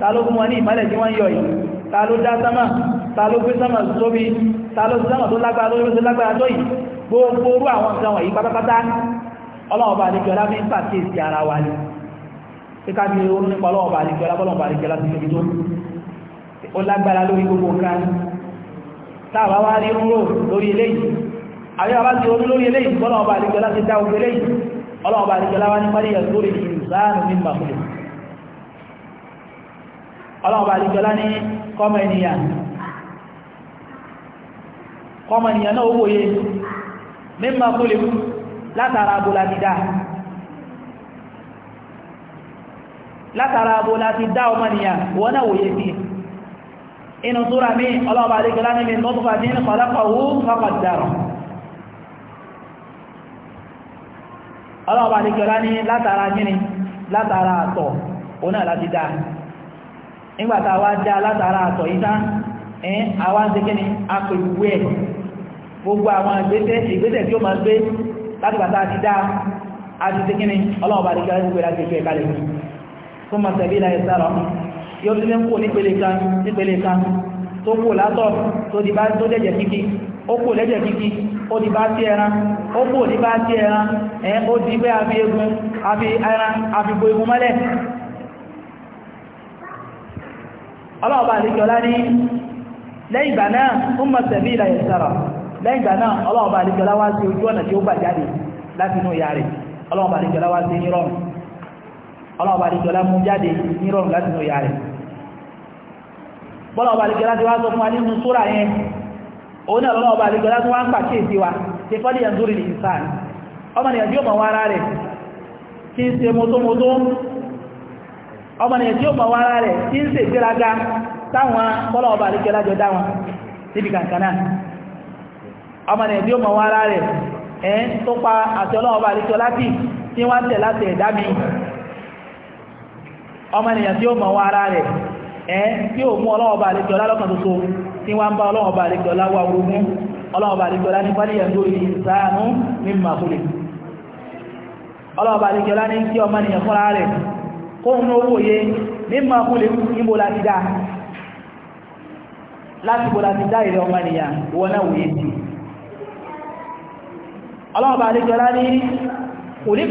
ta ló fún wọn ní ìmọ́lẹ̀ tí wọ́n yọ yìí ta ló dá sámà ta ló gbé sámà sóbi ta ló sámà tó lágbára tó ló lágbára tó yìí gbogbo orú àwọn nǹkan wọ̀nyí pátápátá ọlọ́ọ̀bà àdìjọlá fi ń pàkíyèsí ara wa ni kíká ní orú nípa ọlọ́ọ̀bà àdìjọlá bọ́lọ̀bà àdìjọlá ti fi tó ó lágbára lórí gbogbo nǹkan táàbà wá rí rúrò lórí eléyìí àbí bàbá ti orú lórí ọlọ́ọ̀bá àlìjọlá ní kọmọ ènìyàn kọmọ na náà wòye mímọ̀ kúlù látara abúlá ti dá látara abúlá ti dá ọmọ wọ́n náà wòye sí inú súra mi ọlọ́ọ̀bá àlìjọlá ní min nutfatin khalaqahu faqaddarahu ọlọ́ọ̀bá ní látara gíní látara àtọ̀ òun náà láti dáa nígbàtà wá dá látara àtọ̀ ìta ẹ̀yìn àwọn àṣekẹ́ni apèwú ẹ̀ gbogbo àwọn ìgbésẹ̀ tí ó máa gbé látìgbàtà àti dá àṣekẹ́ni ọlọ́ọ̀bà àti gbogbo ẹ̀ láti ẹ̀kẹ́ kalẹ̀ fún mọ̀sẹ̀bí ilẹ̀ ìsára yóò tún lẹ́kùn nípele kan nípele kan tó kù látọ̀ tó di bá tó dẹ̀jẹ̀ kíkí ó kù ọlọ́ọ̀bá àríkọlá ní lẹ́yìn ìgbà náà ó mọ̀ sẹ̀bí ìlà ìsára lẹ́yìn ìgbà náà ọlọ́ọ̀bá àríkọlá wá sí ojú ọ̀nà tí ó bà jáde láti inú ìyá rẹ̀ ọlọ́ọ̀bá àríkọlá wá sí nírọ̀rùn ọlọ́ọ̀bá àríkọlá mú jáde nírọ̀rùn láti inú ìyá rẹ̀ ọmọ nìyẹn tí ó mọ̀ wára rẹ̀ tí ń ṣe táwọn ọba àríkẹ́ lájọ dáwọn níbi kankan ọmọ tí ó mọ̀ wára rẹ̀ ẹ̀ tó pa àti ọlọ́ọba àríkẹ́ láti tí wọ́n tẹ̀ láti ẹ̀dá mi ọmọ tí ó mọ̀ wára rẹ̀ ẹ̀ tí ó mú ọlọ́ọba àríkẹ́ kóhun owó yẹ mímọ̀ kún lè láti dá bụla dị ìrẹ ọmọ ènìyàn wọ́n náà wòye sí ọlọ́ọ̀bà àríkọlá ní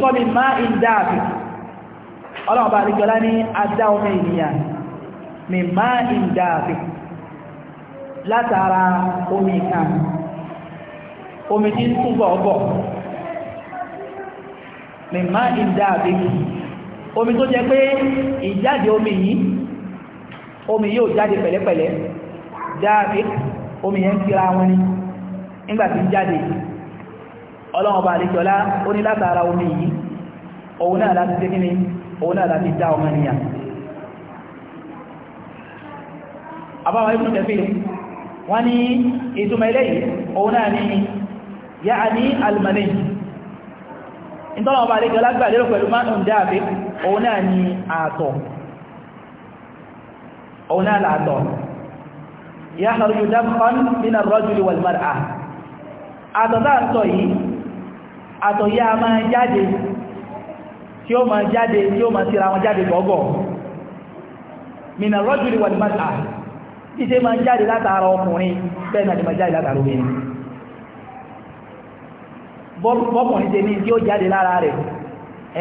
kò ní mi má ń Ọla ọlọ́ọ̀bà ní adá ọmọ ènìyàn mi má ń látara omi kan omi tí mi má omi tó jẹ pé ìjáde omi yìí omi yóò jáde pẹ̀lẹ́pẹ̀lẹ́ dáàbí omi yẹn kíra wọn ni nígbàtí jáde ọlọ́run bá àlejọ́lá ó ní látara omi yìí òun náà láti tẹ́ kíni òun náà láti dá ọmọ ènìyàn àbáwọn ibùn tẹ́fẹ́ wọ́n ní ìtumọ̀ eléyìí òun náà ni yáà ní alìmọ̀lẹ́yìn ìtọ́nà ọba àlejò lágbà lérò pẹ̀lú mánùn dáàbé òun náà ni ààtọ̀ òun náà lààtọ̀ ya haruju dáfán nínú rọ́júlì wàlmára àtọ̀ náà sọ yìí àtọ̀ yá máa jáde tí ó máa jáde tí ó máa síra wọn jáde gọ́gọ́ nínú rọ́júlì wàlmára ìṣe máa jáde látara bọ́kùnrin ṣe ní tí ó jáde lára rẹ̀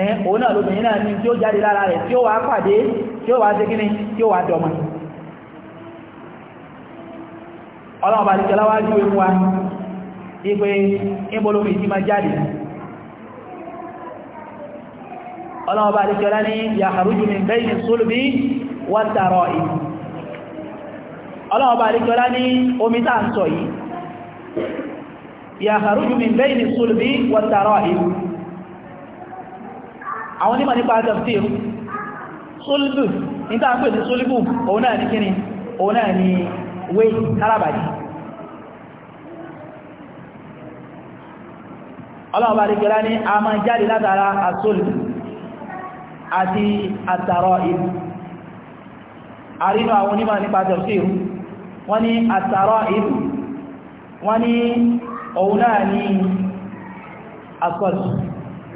ẹ̀ẹ́n òun náà lóbìnrin náà ní tí ó jáde lára rẹ̀ tí ó wà pàdé tí ó wà ṣe kíní tí ó wà dọ̀mọ̀ ọlọ́run bá dìkẹ́ láwá jú ewu wa ipé ìbolomi ní yàkàrújù min bayni sólùbí wà tààrọ̀ yìí ọlọ́run bá ní omi tàà yìí yàhàrújú mi bẹ́yìn sólùbí wàtàrà ìlú àwọn onímọ̀ nípa tafsir sólùbù ní tàà pè ní sólùbù òun náà ní kíni òun náà ní wé arábàdì ọlọ́ọ̀bá rí gẹ́lá ní a máa jáde látara àsólùbù àti àtàrà ìlú àrínú àwọn onímọ̀ nípa tafsir wọ́n ní àtàrà ìlú wọ́n ní òun náà ní asọ́tù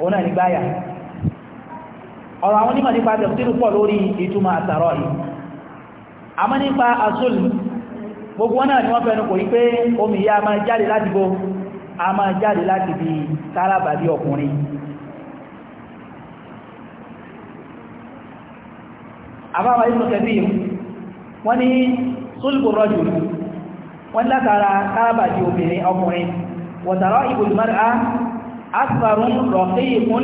òun náà ní gbáyà ọ̀rọ̀ àwọn onímọ̀ nípa tẹ̀sílù pọ̀ lórí ìtumọ̀ àtàrọ̀ yìí àmọ́ nípa asọ́lù gbogbo wọn náà ni wọ́n fẹ́nu kò rí pé omi ya máa jáde láti bo a máa jáde láti bí tálábàbí ọkùnrin àbáwá ìlú kẹbí wọ́n ní sólùbù rọ́jù wọ́n látara tálábàbí obìnrin ọkùnrin وترائب المرأة أكثر رقيق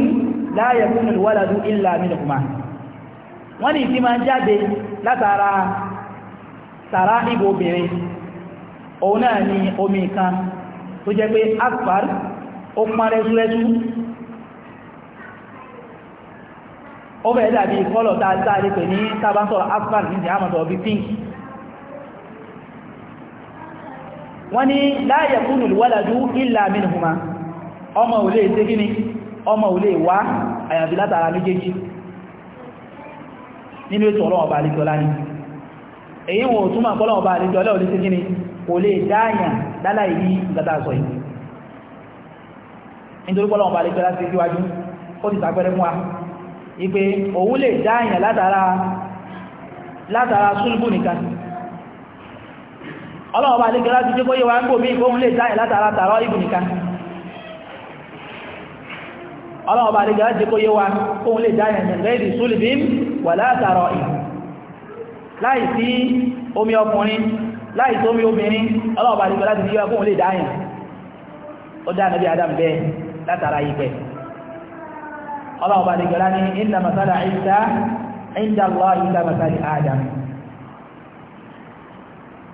لا يكون الولد إلا منهما wọ́n ní ìtí máa ń jáde látara tàrá ìbò obìnrin òun náà ni omi kan tó jẹ́ pé akpar ó pán rẹ́súrẹ́sú ó bẹ̀rẹ̀ dàbí kọ́lọ̀ tàà tàà ní tàbátọ̀ akpar ní ìdí àmàtọ̀ bí pink wọ́n ní la yakunu alwaladu illa minhuma ọmọ ò lè ṣe gíní ọmọ ò lè wá àyàfi látara méjèèjì nínú ètò ọlọ́wọ̀n bá àlejò ọlá ní èyí wọn túnmà pọ́lọ́wọ̀n àlejò ọlọ́wọ̀n lè gíní kò lè dáàyàn látara látara nìkan ọlọ́ọ̀bá alẹ́gẹ́ láti jẹ́ kóyẹ wa ń gbòmí ìgbóhun lè dáyẹ̀ látara tààrọ ìbù nìkan ọlọ́ọ̀bá alẹ́gẹ́ láti jẹ́ kóyẹ wa kóhun lè dáyẹ̀ nìrẹ́dì súlìbín wà látara ìbù láì sí omi ọkùnrin láì sí omi obìnrin ọlọ́ọ̀bá alẹ́gẹ́ láti jẹ́ kóhun lè dáyẹ̀ ó dá nàbí adam bẹ́ẹ̀ látara ìpẹ́ ọlọ́ọ̀bá alẹ́gẹ́ láti ní ìdàmàtàlà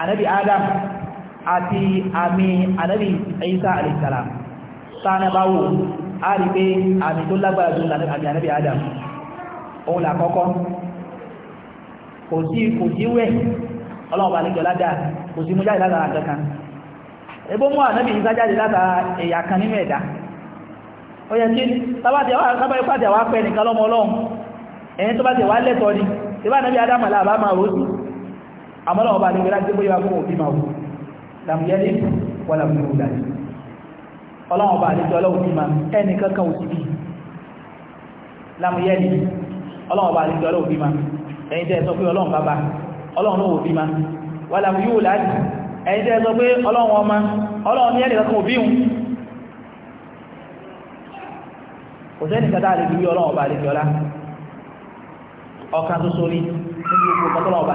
anabi adam àti àmì anabi isa alayhi salam sanabawo a rí pé àmì tó lágbára tó àmì anabi adam òun là kọ́kọ́ kò sí kò sí wẹ́ ọlọ́ọ̀bà alẹ́jọ́ ládàá kò sí mú jáde látara kankan ebó mú ànábì ìsá jáde látara ẹ̀yà kan nínú ẹ̀dá ó yẹ kí tábàtì àwọn akábáyé pàtì àwọn apẹ́ nìkan lọ́mọ ọlọ́run ẹ̀yìn tó bá ti wá ni ìbá ànábì adámọ̀ làbá máa rò sí àmọ́lá ọba àdìgbẹ́lá tí bóyá fún òbí máa wù làmúyẹ́lé wà làmúyẹ́lú dàní ọlọ́run ọba àdìgbẹ́ ọlọ́run bí máa ẹnì kankan ò sí bí lámúyẹ́lì ọlọ́run ọba àdìgbẹ́ ọlọ́run ma ọba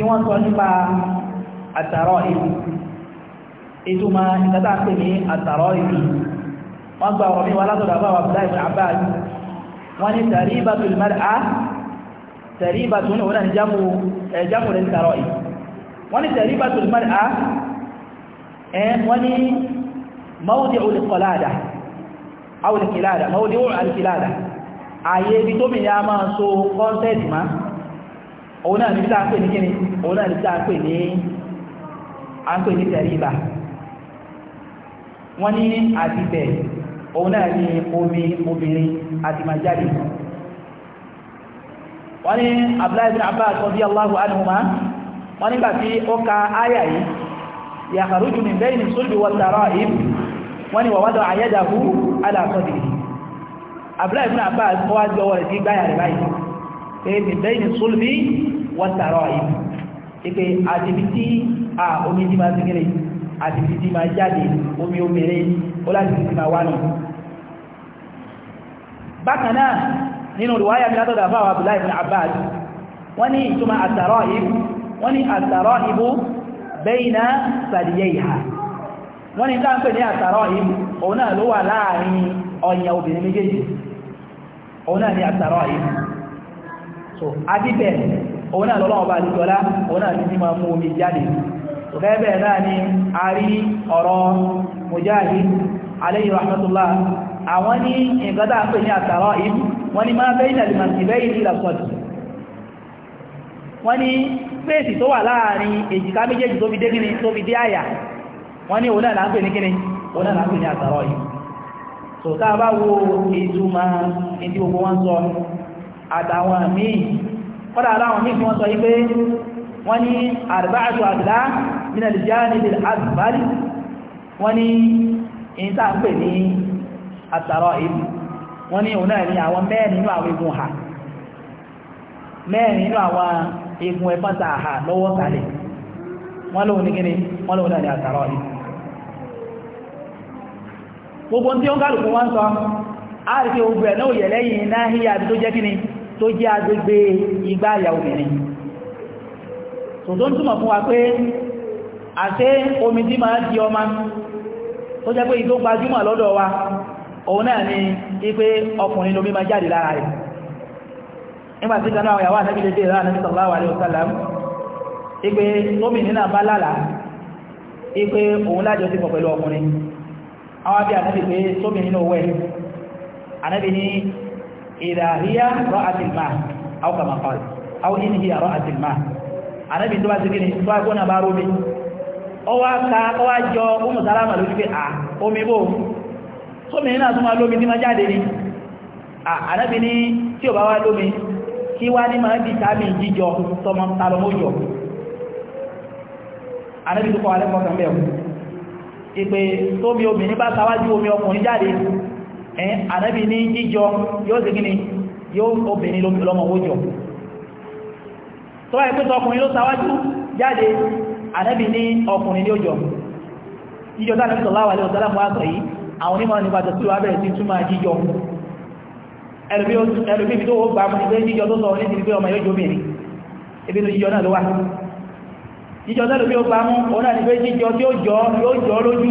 tí wọ́n sọ nípa àtàrọ ìlú ìtumọ̀ ìkàtà pè ní àtàrọ ìlú wọ́n gba ọ̀rọ̀ mi wá látọ̀dọ̀ àbá wa bíláì àbá wọ́n ní tàrí ìbátú ìmọ̀lá tàrí ìbátú ní òun jámù rẹ̀ tàrọ ìlú wọ́n ní òun náà ní tí a pè ní kíni òun náà ní tí a pè ní a pè ní tẹ̀ríba wọ́n ní àtibẹ̀ òun náà ní omi obìnrin àtìmájáde wọ́n ní abdullahi bin abbas radiyallahu anhuma wọ́n nígbà tí ó ka áyà yìí yàkàrújù min bayni sulbi wa tara'ib wọ́n ní wàwádọ̀ àyẹ́dàkú alàkọ́dì abdullahi bin abbas wọ́n wá jọ wọ́n rẹ̀ sí gbáyà rẹ̀ báyìí ebi bẹ́yìn sulbi wọ́tàrọ̀ yìí ike àdìbìtì à omi tí máa sikiri àdìbìtì máa jáde omi obìnrin ó láti fi máa wá nù bákan náà nínú ìwáyà mi látọ̀dà fún àwọn abdullahi ibn abbas wọ́n ní ìtumọ̀ àtàrọ̀ ìbú bẹ́yìnà sàdìyẹ́ ìhà wọ́n ní táà ń pè ní àtàrọ̀ ìbú òun náà ló wà láàrin ọ̀yà obìnrin méjèèjì òun náà ní àtàrọ̀ ìbú so abíbẹ̀ òun náà lọ́lọ́wọ́ bá àdìsọ́lá òun náà ti máa mú omi jáde so gẹ́gẹ́ náà ni a rí Mujahid alayhi rahmatullah àwọn ní nǹkan pè ní àtàrọ wọ́n ni máa bẹ́yìn àlìmọ̀ ìbẹ́ ìlú wọ́n àtàwọn míì kọ́dà aláwọn míì tí wọ́n sọ yí pé wọ́n ní arba'atu àdìlá nínú ìjáni lè azbali wọ́n ní ìta ń pè ní àtàrọ ìlú wọ́n ní òun náà ní àwọn mẹ́rin nínú àwọn egun ha mẹ́rin nínú àwọn egun ẹ̀fọ́ta àhà lọ́wọ́ ó ń náà yẹ̀ lẹ́yìn náà híyà àti tó jẹ́ kíni tó jẹ́ agbègbè igbá àyà obìnrin tòótọ́ ń túmọ̀ fún wa pé àṣẹ omi tí máa di ọmọ tó jẹ́ pé ìtó gbajúmọ̀ lọ́dọ̀ wa òun náà ni wípé ọkùnrin lómi máa jáde lára rẹ̀ nígbà tí ìtàn àwọn ìyàwó àtẹ́bí lè bèèrè láàrín sallallahu alaihi wasallam ipe tómi nínú bá lálàá ipe òun lájọ sí pọ̀ ọkùnrin àwọn bí àtẹ́bí pé tómi nínú owó إذا هي رأت الماء أو كما قال أو إن هي رأت الماء أنا بنت بس سواكونا باروبي ọwọ́ aka ọwọ́ ome ọmọ sálámà ló wípé à omi bó sómi náà tó máa lómi ní máa jáde ní àdábi ní tí ò bá wá lómi kí wá ní máa dìtà mi ànábì ní jíjọ yóò sì gíní yóò obìnrin lọ́mọwó jọ tó wáyé pé ọkùnrin ló sáwájú jáde ànábì ní ọkùnrin ní òjò jíjọ tó ànábì sọ̀láwà lè ọ̀sálàmù àtọ̀ yìí àwọn onímọ̀ ní ti náà ló wà ó gbà mú òun náà ní pé jíjọ tí ó jọ lójú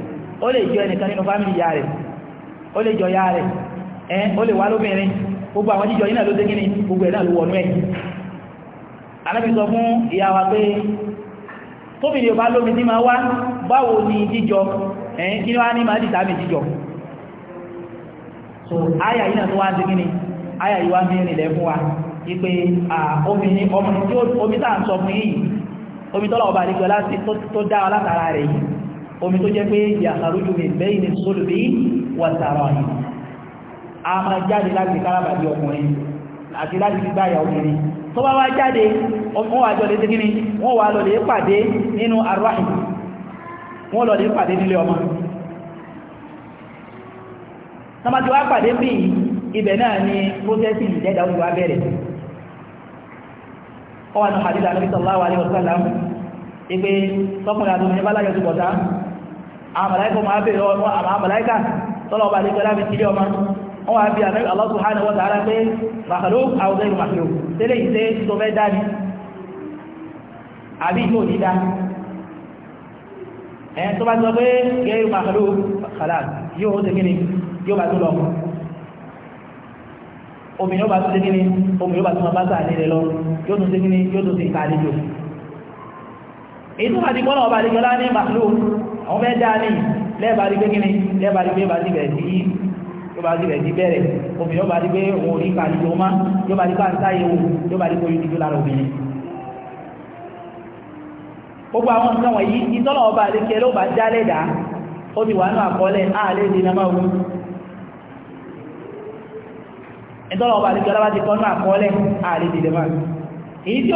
ó lè jọ ẹnìkan nínú fámìlì ya rẹ̀ ó lè jọ ya rẹ̀ ẹ́ ó lè wá lóbìnrin gbogbo àwọn jíjọ iná ló dé gíní gbogbo ẹ̀ ló wọnú ẹ̀ anábì sọ fún ìyá wa pé tóbìnrin ò lómi ní máa wá báwo ni jíjọ ẹ̀ kí wá ní máa dìtà mi jíjọ so àyà yìí náà tó wá ń dé gíní àyà yìí wá ń bírin omi tá à ń sọ fún yìí omi tọ́lọ̀ ọba àdìgbọ́lá tó dá ọ látara rẹ̀ yìí omi tó jẹ́ pé yàtàrójú mi bẹ́yìn ní sólùbí wà tààrà yìí a máa jáde láti kárabàdì ọkùnrin àti láti gbáyà obìnrin tó bá wá jáde wọ́n wà jọ lè tíkíní wọ́n wà lọ lè pàdé nínú arwáhì wọ́n lọ lè pàdé nílé ọmọ tọ́mọ́tí wá pàdé bí ibẹ̀ náà ni prọ́sẹ́sì ìjẹ́dà òjò abẹ́rẹ̀ ọwọ́n ìpé tọ́kùnrin àdúgbò ní bá láyọ̀ tó bọ̀tá àmàláìkọ̀ máa bèèrè ọmọ àmàláìkà tọ́lọ̀ọba àlejọ́lá fi tílé ọmọ wọ́n wá bí àmì Allah subhanahu wa ta'ala pé màkàló àwọ̀dẹ́ ìlú màkàló tẹ́lẹ̀ ìṣe tó fẹ́ dá ní àbí ìṣò ní dá ẹ̀ tó bá sọ pé gẹ́rù màkàló kàlá yóò ṣe kíni yóò bá tó lọ àwọn fẹ́ dáa ní lẹ́ẹ̀bà rí pé kíni lẹ́ẹ̀bà rí pé bá ti ti bẹ̀rẹ̀ obìnrin yóò bá rí pé òun yóò má yóò bá rí pé yóò bá rí pé gbogbo àwọn wọ̀nyí ọba àdékẹ́ ló bá já ó ti wà nù àkọọ́lẹ̀ ààlẹ́ ọba ti kọ́ àkọọ́lẹ̀ ààlẹ́ èyí tí ó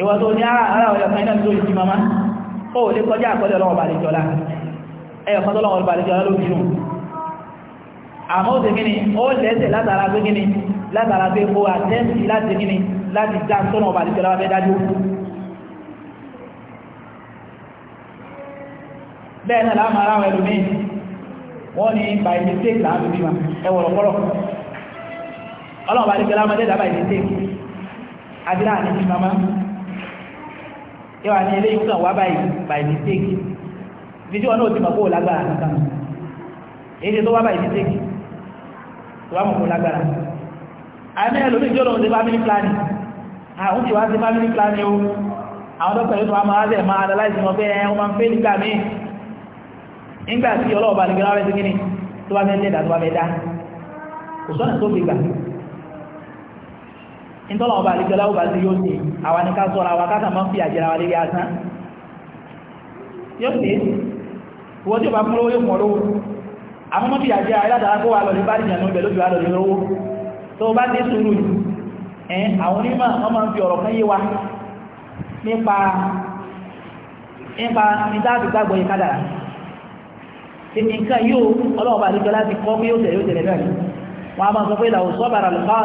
ìwọ tó ní ara ọ̀yọ̀ kan iná tó ìjí mama ó lè kọjá àkọ́lẹ̀ ọlọ́wọ̀ bàlẹ̀ jọlá ẹyọ̀ kan tọ́lọ́wọ̀ bàlẹ̀ jọlá ló jùun àmọ́ ó tẹ́gíní ó lẹ́sẹ̀ látara pé gíní látara pé ó àtẹ́sì láti gíní láti já tọ́nà bàlẹ̀ jọlá fẹ́ dájú bẹ́ẹ̀ náà láàmà ara wọn ẹlòmíì wọ́n ní by mistake láàmì bímọ ẹwọ̀rọ̀kọ́rọ̀ ọlọ́wọ̀ bàlẹ̀ jọlá mọ́ àti láàrin bímọ máa yóò wá ní ilé yìí kàn wá báyìí by mistake ibi tí wọn náà ti mọ̀ kó o lágbára nǹkan èdè tó wá by mistake tó wá mọ̀ kó o lágbára àmì ẹlòmíì tí ó lòun ṣe family planning àwọn ti wá ṣe family planning o àwọn dókítà yóò tó wá máa rẹ̀ máa analyze wọn bẹ́ẹ̀ wọ́n máa ń fẹ́ nígbà míì nígbà tí ọlọ́ọ̀bá nìkan rẹ̀ sí kíni tó wá fẹ́ lẹ́dà tó wá fẹ́ dá ìtọ́lọ̀ ọba àlejọ́lá ọba sí yóò sí àwọn ní ká sọ́ra wa káta máa ń fi àjẹ́ra wa lé yásán yóò sí ìwọ tí ó bá fún owó yóò mọ̀ lówó àwọn mọ́fí àjẹ́ aládàá kó wà lọ́lẹ́ bá ìjànà ibẹ̀ lójú alọ́lẹ́ lówó tó bá dé sùúrù yìí ẹ̀yìn àwọn onímọ̀ wọ́n máa ń máa sọ pé ìdàwọ̀ sọ́bàrà lọ́pàá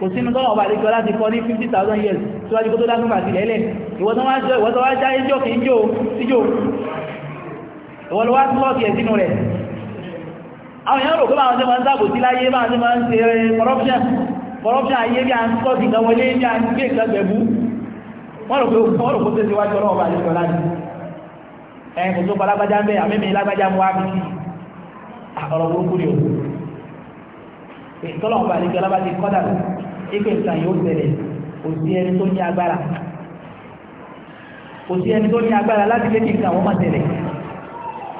kò sínú tọ́lọ̀ ọba àdékọ́ láti kọ́ ní 50,000 years síwájú kó tó dágbùn àti ilẹ̀ ìwọ́tọ́ wá já ẹjọ́ kìí jò síjò ìwọ́lọ́wá sọ́ọ̀tì ẹ̀sínú rẹ̀ àwọn èèyàn rò pé báwọn tí wọ́n ń dáàbò sí láyé báwọn tí wọ́n ń ṣe eh, corruption corruption ayé bí a ń kọ́ sí ìkan wọlé bí a ń gbé ìkan gbẹ̀bú wọ́n rò pé wọ́n rò pé tó ti wájú ọlọ́wọ́ bá lẹ́sọ̀ láti ẹ̀yìn kò tó pa lágbájá ń bẹ́ àmẹ́mẹ́ lágbájá mú wábi sí ah, ọ̀rọ̀ burúkú ni ò tọ́lọ̀ bá lẹ́sọ̀ lábá ti kọ́dà ipe nǹkan yóò bẹ̀rẹ̀ kò sí ẹni tó ní agbára kò sí ẹni tó ní agbára láti lé kí nǹkan àwọn máa tẹ̀lẹ̀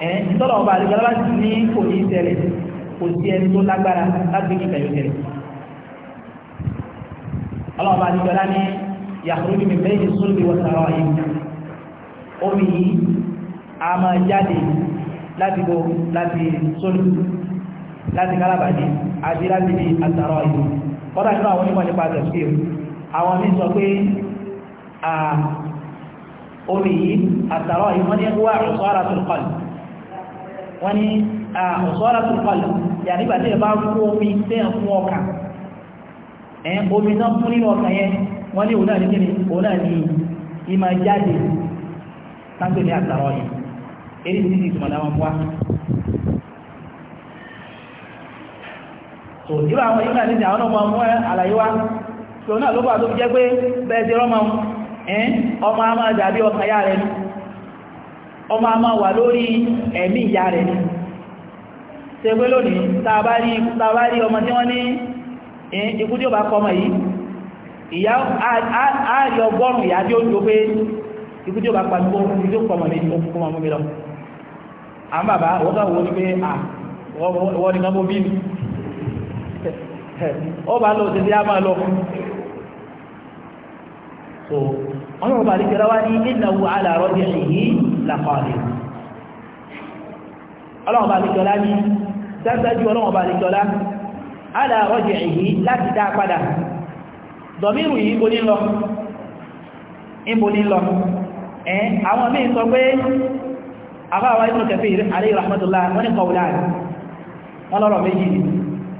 ẹ̀ ìtọ́lọ̀ ọba àti ìjọba láti ní kò ní tẹ̀lẹ̀ kò sí ẹni tó lágbára láti lé kí nǹkan yóò tẹ̀lẹ̀ ọlọ́ọ̀ba àti ìjọba ní yàtọ̀ mi bẹ́ẹ̀ ní wọ́n sọ̀rọ̀ yìí omi yìí a máa jáde láti bo láti sóòlì láti kálábàdì àti láti bí àtàrọ̀ yìí kọ́dá nínú àwọn onímọ̀ nípa tẹ̀sí àwọn mí sọ pé omi yìí àtàrọ̀ yìí wọ́n ní wá ọ̀sọ́ra tùlùkọlù wọ́n ní ọ̀sọ́ra tùlùkọlù yà nígbà tí ẹ bá fún omi tẹ́ fún ọkà ẹ̀yìn omi náà fún nínú ọkà yẹn wọ́n ní tó irú àwọn yìí náà àwọn ọmọ náà ló bá tó jẹ́ pé bẹ́ẹ̀ ti ọmọ a máa dàbí ya yá rẹ̀ ni ọmọ a máa wà lórí ẹ̀mí ìyá rẹ̀ ni ṣe pé lónìí tàbá rí ọmọ tí wọ́n ní ikú tí ó bá kọmọ yìí ìyá tí ó jò pé ikú tí ó bá ní ọmọ ọ bá lọ sí bí a máa lọ so wọn yóò bá rí kẹrẹ wá ní innahu ala raj'ihi laqadir ọlọ́wọ́n bá rí kẹrẹ ní dájájú ọlọ́wọ́n bá rí kẹrẹ ala raj'ihi láti dá padà dọ̀míru yìí bó ní lọ ìbò ní lọ ẹ̀ àwọn mí sọ pé afáwà inú kẹfẹ́ àrí rahmatullah wọ́n ní kọ̀wùlá wọn lọ́rọ̀ méjì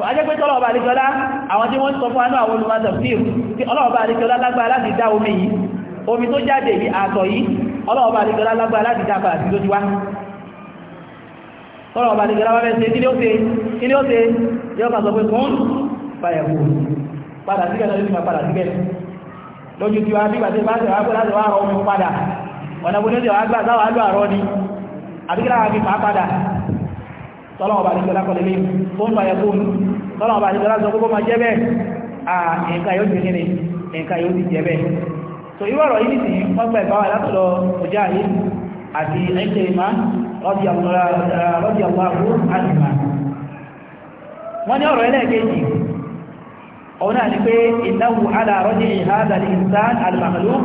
so a jẹ́ pé tọ́lọ̀ọ̀bà àríkọlá àwọn tí wọ́n sọ fún anú àwọn olùmọ́sọ̀fíù tí ọlọ́ọ̀bà àríkọlá lágbára láti dá omi yìí omi tó jáde yìí àtọ̀ yìí ọlọ́ọ̀bà àríkọlá lágbára láti dá padà sí lójú wá tọ́lọ̀ọ̀bà àríkọlá wá mẹ́sẹ̀ kí ni ó ṣe kí ni ó ṣe yóò kàn sọ pé kún fàyẹ̀kù padà síbẹ̀ lọ́jọ́ tí ma padà síbẹ̀ lójú tí wá bí gbàtẹ́ bá tẹ̀wá pẹ́ láti wá rọ omi padà ọ̀nà tọ́lọ́wọ́ bá nígbẹ̀lá kọ́ lélẹ́ fún bá yẹkún tọ́lọ́wọ́ bá nígbẹ̀lá sọ gbogbo ma jẹ́ bẹ́ẹ̀ nǹkan yóò jẹ́ ní nǹkan yóò ti jẹ́ bẹ́ẹ̀ so irú ọ̀rọ̀ yìí sì wọ́n gbẹ̀ bá wà látọ̀lọ ọjà yìí àti ẹ̀kẹ́rìmá radiyallahu anhuma wọ́n ní ọ̀rọ̀ ẹlẹ́ẹ̀kejì òun náà ni pé innahu ala raj'i hadha al-insan al-makhluq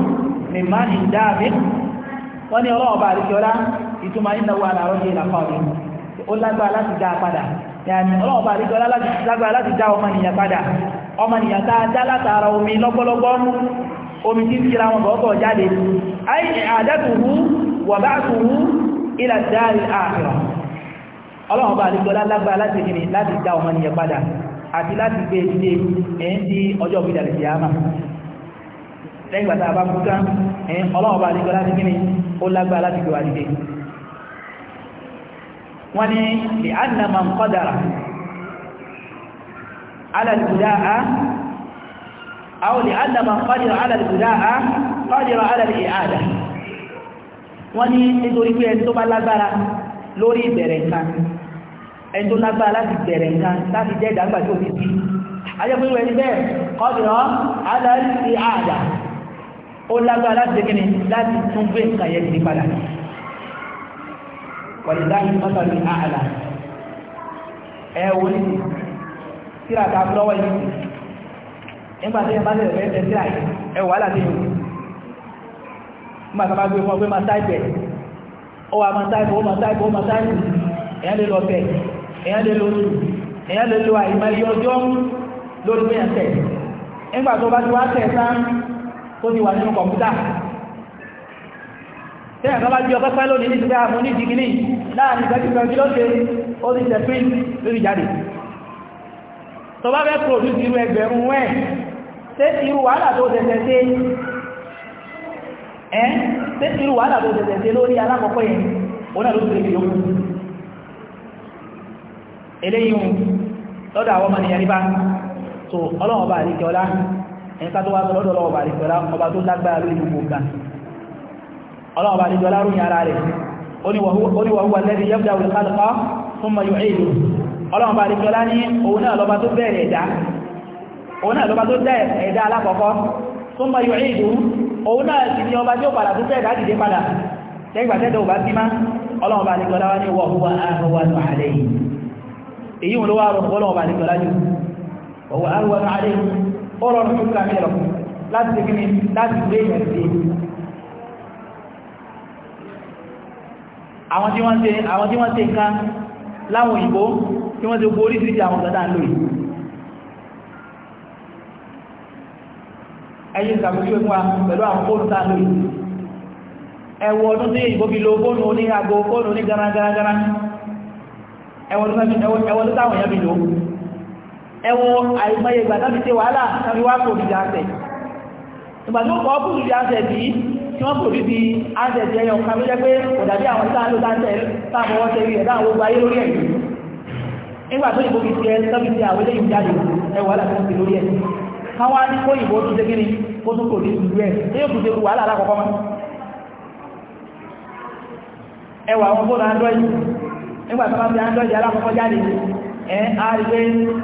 mimman wọ́n ní ọlọ́ọ̀bá àríkẹ́ọ́lá ìtumọ̀ innahu ala raj'i làkọ́ọ̀dún ó lágbára láti dá padà yàní ọlọ́ọ̀bá àríkọ́ lágbára láti dá ọmọnìyàn padà ọmọnìyàn omi lọ́gbọ́lọ́gbọ́ omi tí kíra wọn bọ̀ọ̀bọ̀ jáde ayé àdẹ́kùnrú wà ẹ̀yìn wọ́n ní lè annama ń kọ́dára alàlùdáà àwọn lè annama ń kọ́dára alàlùdáà kọ́dára alàlùdáà wọ́n ní nítorí pé ẹni tó bá lágbára lórí ìbẹ̀rẹ̀ nǹkan ẹni tó lágbára láti bẹ̀rẹ̀ nǹkan láti jẹ́ ìdàgbà tó fi sí ajẹ́pẹ̀lú ẹni bẹ́ẹ̀ kọ́dùrọ̀ alàlùdáà ó lágbára láti wàlìláyé mọ́tàlì àhàlà ẹ wò ní tíra ta lọ́wọ́ yìí nígbà tí ẹ bá tẹ̀lé ẹ tíra yìí ẹ wà láti yìí nígbà tí a bá gbé fún ọ pé máa táìpẹ̀ ó wà máa táìpẹ̀ ó máa táìpẹ̀ ó máa táìpẹ̀ èèyàn lè lọ tẹ̀ èèyàn lè lo oṣù èèyàn lè lo àìmọ̀ iye ọjọ́ lórí pé ẹ̀ tẹ̀ nígbà tó bá ti wá tẹ̀ sáà tó ti wà nínú kọ̀ǹpútà tẹ́yà tó bá jí ọkọ́ pẹ́ lónìí nítorí àmú ní ìdíkìní láàrin ìgbẹ́jú pẹ̀lú lóṣe ó ti tẹ̀ pín lórí jáde tó bá fẹ́ produce irú ẹgbẹ̀rún wẹ́ tẹ́ irú wàhálà tó tẹ̀tẹ̀ tẹ́ ẹ́ tẹ́ irú wàhálà tó tẹ̀tẹ̀ tẹ́ lórí alákọ̀ọ́kọ́ yẹn ó náà ló ti rí yóò eléyìn lọ́dọ̀ àwọn ọmọ nìyàn nípa tó ọlọ́wọ́ bá àríkẹ́ ọlá ẹ̀ka tó wá sọ lọ́dọ̀ ọlọ́wọ́ bá àríkẹ́ ọlá ọba tó lágbára lórí gbogbo ọlọ́wọ́ bá níjọ lárú ní ara rẹ̀ oníwàhúwà lẹ́bí yọ́bdá olùkálùkọ́ fún mọ̀ yóò èlò ọlọ́wọ́ bá níjọ lá ní òun náà lọ́ba tó bẹ̀rẹ̀ ẹ̀dá òun náà lọ́ba tó dẹ̀ ẹ̀dá alákọ̀ọ́kọ́ fún mọ̀ yóò èlò òun náà sì ni ọba tí ó padà tó bẹ̀rẹ̀ láti dé padà tẹ́gbàtẹ́dẹ̀ ò bá sí má ọlọ́wọ́ bá níjọ èyí wọn ló wá rọrùn ọlọ́wọ́ bá níjọ lá jù wàhúwà ahọ́wà nù àlẹ́ yìí ó kàmílọ̀ láti gbé ìrìn àwọn tí wọ́n ṣe nǹkan láwọn òyìnbó tí wọ́n ṣe gbogbo orísìírísìí àwọn ọ̀gá dáa lóyìn ẹyí ìsàmúlé fún wa pẹ̀lú àwọn fóònù dáa lóyìn ẹwọ ọdún tí òyìnbó fi lo fóònù oní ago fóònù oní garagara ẹwọ ọdún táwọn èèyàn fi lo ẹwọ àìmọye ìgbà tàbí ṣe wàhálà tàbí wá kò ìgbà tí ó kọ́ kúrú di ánsẹ̀tì tí wọ́n kò rí di ánsẹ̀tì ẹyọ kan ló jẹ́ pé kò dàbí àwọn tá ló dáńtẹ̀ táàbọ̀wọ́ tẹ̀rí ẹ̀dá àwọn ogun ayé lórí ẹ̀yìn nígbà tó ìbò fi ti ẹ tọ́bi ti àwọn eléyìí jáde ẹwà láti fi lórí ẹ̀ káwọn á ní kó ìbò tún ṣe kí ni kó tún kò ní ìlú ẹ̀ tí yóò tún ṣe wàhálà alákọ̀ọ́kọ́ mọ́ ẹwà àwọn fóònù android nígbà tó bá fi android alákọ̀ọ́kọ́ jáde ẹ a rí pé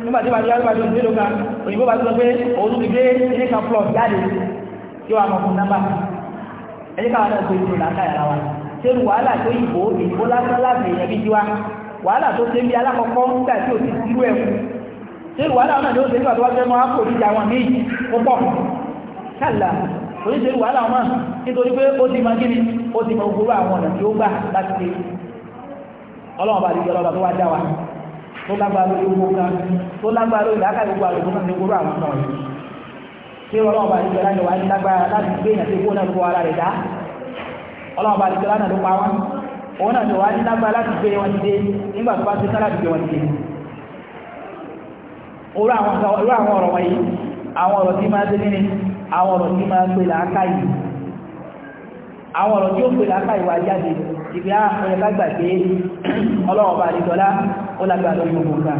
nígbà tí wàá tó bá tó ń gbé lóka òyìnbó bá tó sọ pé òun ti gbé ilé kan plot jáde tí wọ́n mọ̀ fún nọ́mbà ẹjẹ́ káwọn náà tó ìṣòro lákàyàrá wa ṣéru wàhálà tó ìbò ìbò lásán láti èèyàn bí jíwá wàhálà tó ṣe ń bí alákọ̀ọ́kọ́ nígbà tí ò ti dúró ẹ̀kú ṣéru wàhálà náà ló ṣe nígbà tó wá fẹ́ mọ́ àpò ìjà ní púpọ̀ wọn nítorí pé ni ó ti mọ gbogbo àwọn ọ̀nà tí ó gbà láti ṣe ọlọ́run bá rí ìjọba tó wá dá wa tó lágbára lórí gbogbo kan tó kí ọlọ́ọ̀bá àdìsọ́lá ni wà ní lágbára láti gbé ìyàtí owó náà lọ́wọ́ ara rẹ̀ dá ọlọ́ọ̀bá àdìsọ́lá náà ló pa wọn òun náà ni wà ní lágbára láti gbé wọn dìde nígbà tó bá ti sára gbé wọn dìde orú àwọn ọ̀rọ̀ wọ̀nyí àwọn ọ̀rọ̀ tí máa délé ní àwọn ọ̀rọ̀ tí máa pè láákàyè àwọn ọ̀rọ̀ tí ó pè láákàyè wà jáde ìgbé àwọn ẹ̀ká gbàgbé ọlọ́ọ̀bá àdìsọ́lá ó lágbára lórí gbogbo nǹkan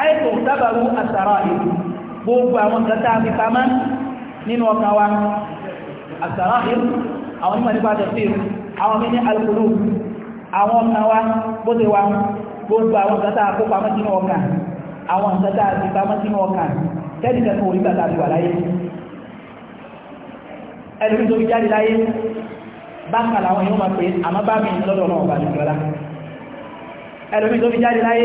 àìsàn òtábàrú àsàrà ìlú gbogbo àwọn kẹta àfipamá nínú ọkàn wa àsàrà ìlú àwọn onímọ̀ nípa tẹ̀sí àwọn mí ní alukulu àwọn ọkàn wa bóde wa gbogbo àwọn kẹta àkópamọ́ sínú ọkàn àwọn kẹta àfipamọ́ sínú ọkàn tẹ́lì kẹfún orí bàtà àbíwà láyé ẹlùmí tó fi jáde láyé bákàlà àwọn èèyàn máa pè àmọ́ bá mi lọ́dọ̀ náà bà nìjọ́lá ẹlùmí tó fi jáde láyé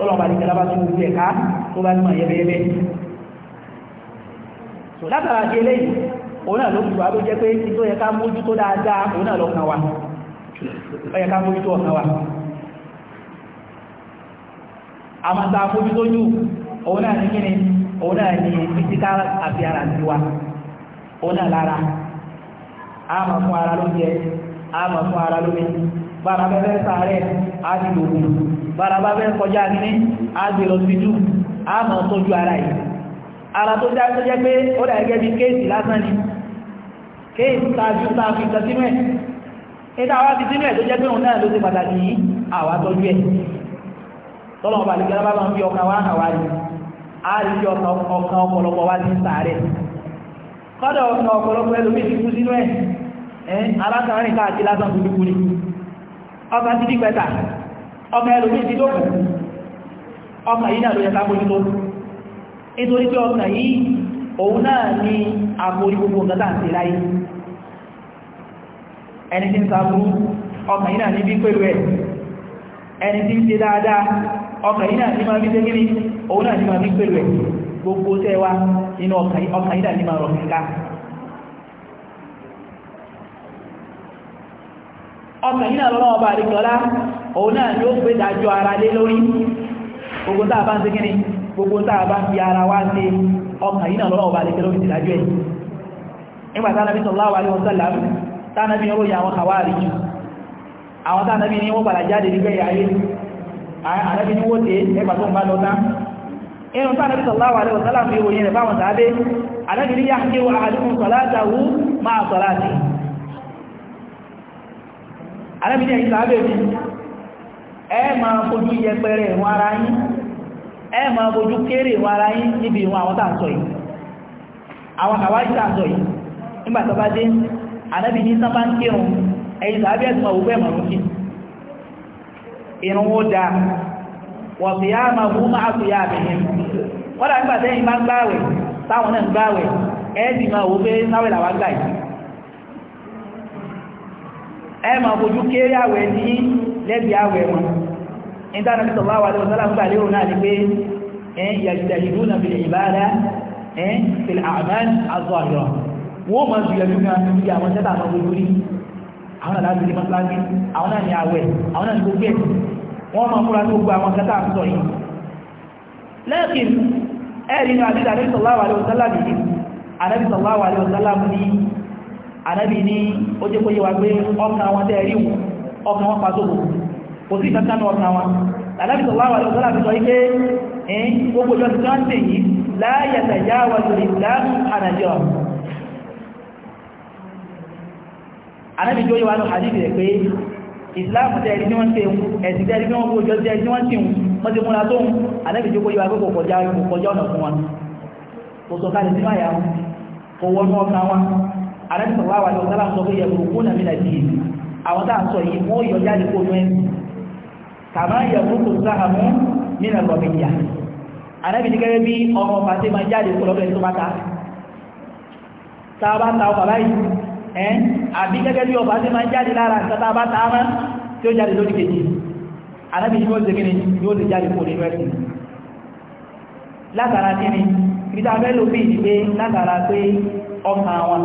tọ́lọ̀ bá dìkẹ́ lábá tún gbogbo ẹ̀ká tó bá gbọ́n yẹbẹyẹbẹ so látara di eléyìí òun náà ló fìwà tó jẹ́ pé tí tó yẹ ká mójú tó dáadáa òun náà lọ́kàn wa ó yẹ ká mójú tó ọ̀kan wa àmàta mójú tó jù òun náà ní kíni òun náà ní physical appearance wa òun náà lára àmà fún ara ló jẹ àmà fún ara ló mi bára bẹ́ẹ̀ sáré á ti lògùn baraba bẹ́ kọjá ní agbèrò síjú a mọ̀ tọ́jú ara yìí ara tó já tó jẹ́ pé ó dà gẹ́gẹ́ bí kéèsì lásán ni kéèsì tàbí tàbí tàbí ìta wá ti sínú ẹ̀ tó jẹ́ pé òun náà ló ti pàtàkì yìí àwa tọ́jú ẹ̀ tọ́lọ̀ ọba àlejò alábá máa ń fi ọkàn wá àwa rí a ọmọ ẹlòmí ti lókùn ọmọ yìí náà ló yẹ nítorí pé ọmọ yìí òun náà ni àkórí gbogbo nǹkan tàà láyé ẹni tí ń sàbúrú ọmọ yìí náà ní bí pẹ̀lú ẹ̀ ẹni tí ń ṣe dáadáa ọmọ yìí náà ní máa bí tẹ́gírí òun náà ní máa bí pẹ̀lú ẹ̀ gbogbo tẹ́wa inú ọkàn yìí náà ní máa rọ̀ ọkàn yìí náà lọ́wọ́ ọba àríkọlá òun náà ni ó gbé dájọ́ ara lé lórí gbogbo tá a bá ń ṣe kíni gbogbo tá a bá fi ara wá ṣe ọkàn yìí náà lọ́wọ́ ọba àríkọlá lórí ìdájọ́ ẹ̀ nígbà tá anábì sallallahu alaihi wasallam tá anábì ń ròyìn àwọn kàwáàrí jù àwọn tá anábì ní wọ́n padà jáde nígbẹ̀yà ayé anábì ní wọ́n tẹ́ ẹgbà tó ń bá lọ tán inú tánà bí sallallahu alaihi wasallam fi ròyìn rẹ̀ báwọn tàbí anábì ní yá alábìdí ẹ̀yìn lábẹ́bí ẹ máa fojú yẹpẹrẹ ìwọ̀n ara yín ẹ máa fojú kéré ìwọ̀n ara yín níbi ìwọ̀n àwọn tàǹsọ̀ yìí àwọn àwájú tàǹsọ̀ yìí nígbà bá dé alábì ní sábà ń kírun ẹ̀yìn lábẹ́ ẹ̀sùn òwúgbẹ́ mọ̀rún kí ẹ ma fojú kéré àwẹ̀ ní lẹ́bí àwẹ̀ wọn ìdára ní sọ̀lá wàlẹ́ òsàlá ń gbàlérò náà ni pé yàjìdàjìdú na bèèrè ìbára fil a'mal az-zahira wọ́n ma ju yẹ̀dú kan bí àwọn tẹ́ta àwọn gbogbo rí àwọn aláàbí ní mọ́sálásí àwọn náà ni àwẹ̀ àwọn náà ni gbogbo ẹ̀ wọ́n ma múra ní gbogbo àwọn kẹta sọ yìí ànábì ní ó jẹ́ kó yé wa pé ọkàn wọn tẹ́ rí wọn ọkàn wọn pàtókò kò sí ìkankan ọkàn wọn ànábì sallallahu alaihi wasallam sọ wípé ẹ̀yìn gbogbo ìjọ tí wọ́n ń tèyí la yatajawazu ìsìláàmù ànàjọ́ ànábì tó yé wa ní hadith rẹ̀ pé ìsìláàmù tẹ́rí ní wọ́n tẹ́ ẹ̀sìn tẹ́rí ní wọ́n kó ìjọ tẹ́rí ní wọ́n tì wọ́n ti múra tóhun ànábì tó kó yé wa pé kò arábìsọ̀rọ̀ wà lọ sábà sọ pé yẹ kó kún nàmínà sí i àwọn tá a sọ yìí wọ́n yọ jáde kó nú ẹ̀sìn kàmá yẹ kó kó sáà mú nínú ẹ̀kọ́ mi yà arábìsí gẹ́gẹ́ bí ọmọ pàṣẹ máa jáde kó lọ́dọ̀ ẹ̀sìn bàtà tá a bá ta ọkọ̀ báyìí ẹ̀ àbí gẹ́gẹ́ bí ọkọ̀ pàṣẹ máa jáde lára tá àwọn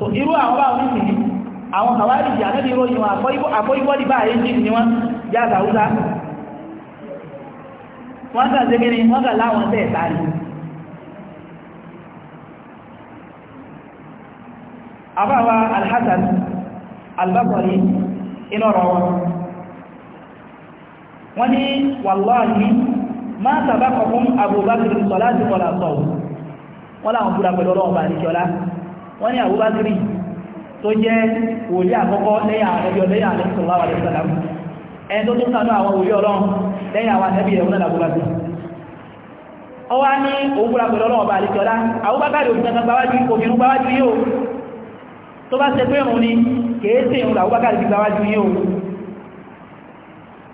so irú àwọn báwọn ní sìn àwọn kàwárí ìjà níbi ìròyìn wọn àkọ́ìbọ́dì bá èjì ni wọ́n já àtàwúsá wọ́n kà sí kíni wọ́n kà láwọn tẹ́ ìtàrí àbáwa alhassan albakari iná rọ wọn wọ́n ní wàlláhì máa sàbákọ̀ fún abubakar sọ́lá ti kọ́lá sọ́wọ́ wọ́n láwọn búra pẹ̀lú ọlọ́wọ́ bá wọ́n ní àwúbákiri tó jẹ́ wòlí àkọ́kọ́ lẹ́yà ẹbí ọlẹ́yà sallallahu alaihi wasallam ẹni tó tún sánú àwọn wòlí ọlọ́run lẹ́yà àwọn ẹbí ẹ̀hún náà làbúbákiri ọ wá ní òwúra pẹ̀lú ọlọ́run ọba àlìkọ́lá àwúbákiri òfin kankan gbáwájú obìnrin gbáwájú yóò tó bá ṣe pé òun ni kèé tí ìhun làwúbákiri ti gbáwájú yóò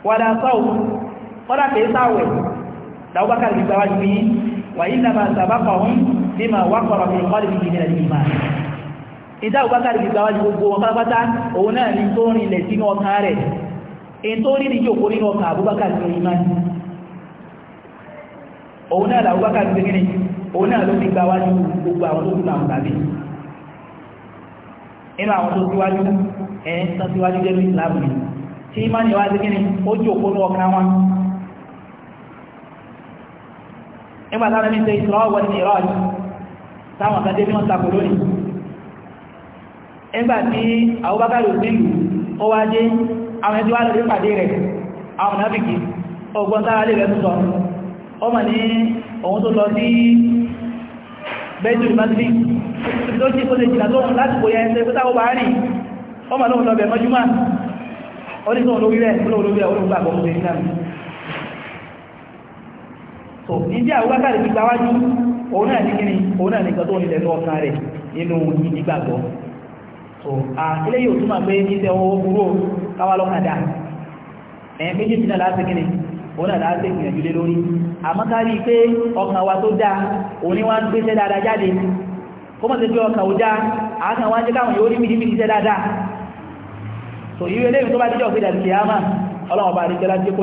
wàdà sọ́ọ̀ kọ́dà kèé sáwẹ̀ làwúbákiri ti gbáwájú yìí وإنما سبقهم بما وقر في قلبه من الإيمان ìdá òbákàrí ìgbàwájú gbogbo wọn pátápátá òun náà ni tó rìn lẹ̀ sínú ọkàn rẹ̀ in tó rí ní jòkó nínú ọkàn àbúbákàrí ní ìmá òun náà làbúbákàrí gbẹ̀rẹ̀ òun náà ló fi gbàwájú gbogbo àwọn tó kùnà àmàbí inú àwọn tó síwájú ẹ̀ nígbà táwọn ẹni ṣe ìṣọ́ wọ ní ìrọ́j táwọn kan dé bí wọ́n takò lónìí nígbà tí Abubakar òsìlú ó wá dé àwọn ẹni tí wọ́n lè pàdé rẹ̀ àwọn mọ̀nàbìkì ọgbọ́n tára lè rẹ̀ tó sọ ó mọ̀ ní òun tó lọ sí bẹ́ẹ̀dùn mọ́tí tó jí kó so níbi àwúgbàtàrí ti gbáwájú òun náà ní kíni òun náà ní nǹkan tó nílẹ̀ lọ́ọ̀kan rẹ̀ nínú ìgbàgbọ́ so à ilé yóò túnmà pé iṣẹ́ owó burú káwà lọ́kàdá ẹ̀yìn méjì sílẹ̀ láti kíni òun náà láti gbìyànjú lé lórí ni wá ń gbéṣẹ́ dáadáa jáde kó mọ̀ sí pé ọkàn ò dáa àákan wá ń jẹ́ káwọn yóò rí mìíràn so irú eléyìí tó bá díjọ́ pé dàbí kìí àmà ọlọ́wọ́ bá rí jẹ́ láti kó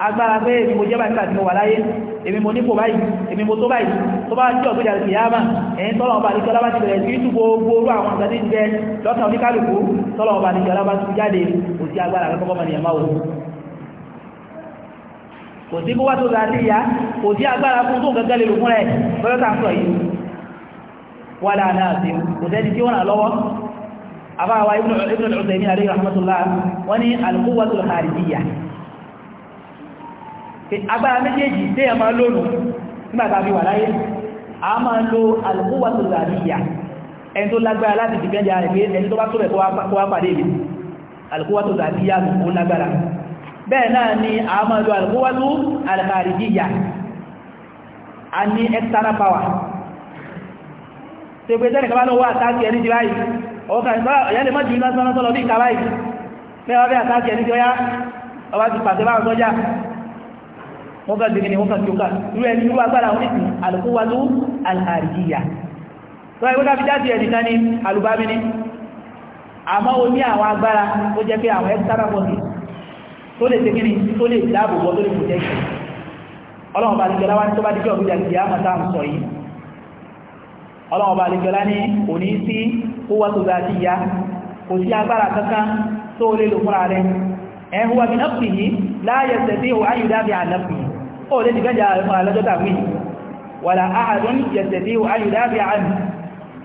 agbára pé èmi mo jẹ́ báyìí nígbà tí mo wà láyé èmi mo nípò báyìí èmi mo tó báyìí tó bá jẹ́ ọ̀gbẹ́jà lè yá mà ẹ̀yìn tọ́lọ̀ ọba àdìjọ́ lábá ti bẹ̀rẹ̀ sí tú gbogbo orú àwọn ìgbà tí ń jẹ lọ́sàn oníkálùkù tọ́lọ̀ ọba àdìjọ́ lábá ti jáde kò sí agbára kọ́kọ́ mọ̀ nìyẹn máa kò sí kó wá tó láti yá kò sí agbára fún tóun gẹ́gẹ́ lè fún rẹ̀ bọ́lọ́ta ń sọ yìí wà láàánáà sí kò sẹ́ni tí wọ́n rà lọ́wọ́ àbáwá ibùdó ìrọ̀sẹ̀ ní àríyàn rahmatullah wọ́n ní alquwwatul kharijiyya agbára méjèèjì tí a máa lónù nígbàtà bí wà láyé a máa lo alùkúwàtò zàríyà ẹni tó lágbára láti dìbẹ́jà rẹ̀ pé ẹni tó bá tóbẹ̀ kó wá pàdé mi alùkúwàtò zàríyà kó lágbára bẹ́ẹ̀ náà ni a máa lo alùkúwàtò alùkàríyà a ní external power ṣe pé tẹ́nìkan bá lọ́wọ́ àtàkì ẹni ti báyìí ọkà ìyá lè wọ́n ká gbẹ̀gbẹ̀ ni wọ́n ká jókà irú ẹni irú agbára wọn nìsín alùkúwàlú alhàríyà tó ẹgbẹ́ ká fi dájú ẹni ká ní alùbámi ní àmọ́ o ní àwọn agbára tó jẹ́ pé àwọn extra body tó lè ṣe kíni tó lè dáàbòbò tó lè protection ọlọ́run bá dìjọlá wá ní tó bá dìjọ òbí jàdìjì á máa táàmù sọ yìí ọlọ́run bá ó lè nìkan jà lọ́jọ́ tàbí wàlà ahadun yẹ̀sẹ̀bí ayùdábí àmì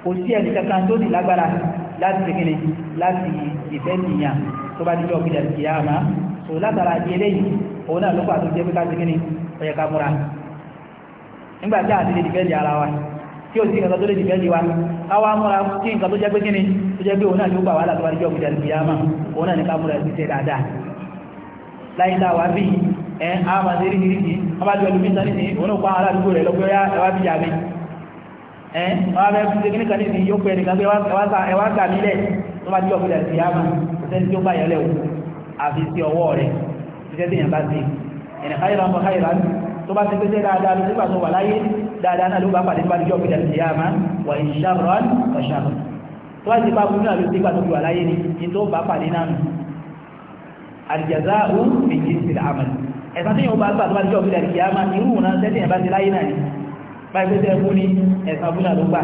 kò sí ẹni kankan tó sì lágbára láti ṣekínni láti ìfẹ́ nìyàn tó bá díjọ́ òkúta sí àmà so látara di eléyìí òun náà ló pà tó jẹ́ pé láti ṣekínni ọ̀yẹ ká múra nígbà tí àti lè dìfẹ́ di ara wa tí ó sí nǹkan tó lè dìfẹ́ di wa káwá múra sí nǹkan tó jẹ́ pé kíni tó jẹ́ pé òun náà ló pà wá látara díjọ́ òkúta sí àmà òun náà ní ká múra sí ṣe dáadáa láìdá wà bí ẹ àmà sí rí rí ọba jọ lómi sáré ní òun náà pa ara àdúgbò rẹ̀ lọ́gbọ́ ya ẹwà bí yàmí ẹ ọba bẹ fi ṣe kíníkan ní yóò pẹ́ nìkan pé ẹwà gbà mí lẹ̀ tó bá jọ gbọdọ̀ sí àmà sẹ́ni tó bá yẹ lẹ̀ wò àfi sí ọwọ́ rẹ̀ ṣiṣẹ́ tí yẹn bá ṣe ẹ̀nì káyìlá ọmọ káyìlá tó bá ṣe pẹ́ṣẹ́ dáadáa ló nígbà tó wà láyé dáadáa náà ló bá pàdé bá jọ gbọdọ̀ sí àmà wà ìṣàrọ̀ wà ṣàrọ̀ tó bá ti bá burú náà ló ti gbà tó wà láyé ni ní tó bá pàdé náà àlìjàzáù fi jí sí àmàlì ẹ̀sán tí yóò bá gbà tó bá jọ òfin àlìkì àmà irú náà tẹ́tí ẹ̀bá ti láyé náà ni báyìí pé tẹ́ fún ní ẹ̀sán fún náà ló gbà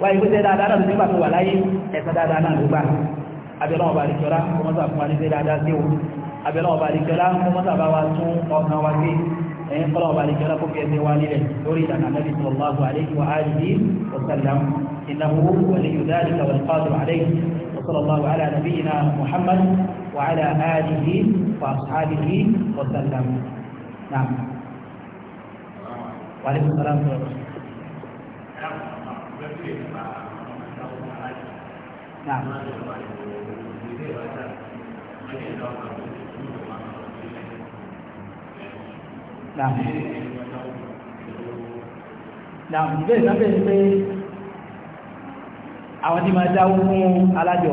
wáyé pé tẹ́ dáadáa náà ló nígbà tó wà láyé ẹ̀sán dáadáa náà ló gbà abẹ́lá ọba àlìkọ́lá kọmọ́sà fún wa ní tẹ́ dáadáa sí o abẹ́lá ọba àlìkọ́lá kọmọ́sà bá wa tún ọkàn wa sí ẹ̀yìn kọ́lá ọba àlìkọ́lá kó fi ẹsẹ̀ wa nílẹ̀ lórí ìlànà nàbí sallallahu alaihi wa alihi wa sallam innahu waliyyu dhalika wal qadiru alaihi wa sallallahu ala nabiyyina muhammad وعلى آله وأصحابه وسلم نعم وعليكم السلام ورحمة نعم نعم نعم نعم ìbéèrè náà bẹ̀rẹ̀ pé àwọn tí máa dáwó fún alájọ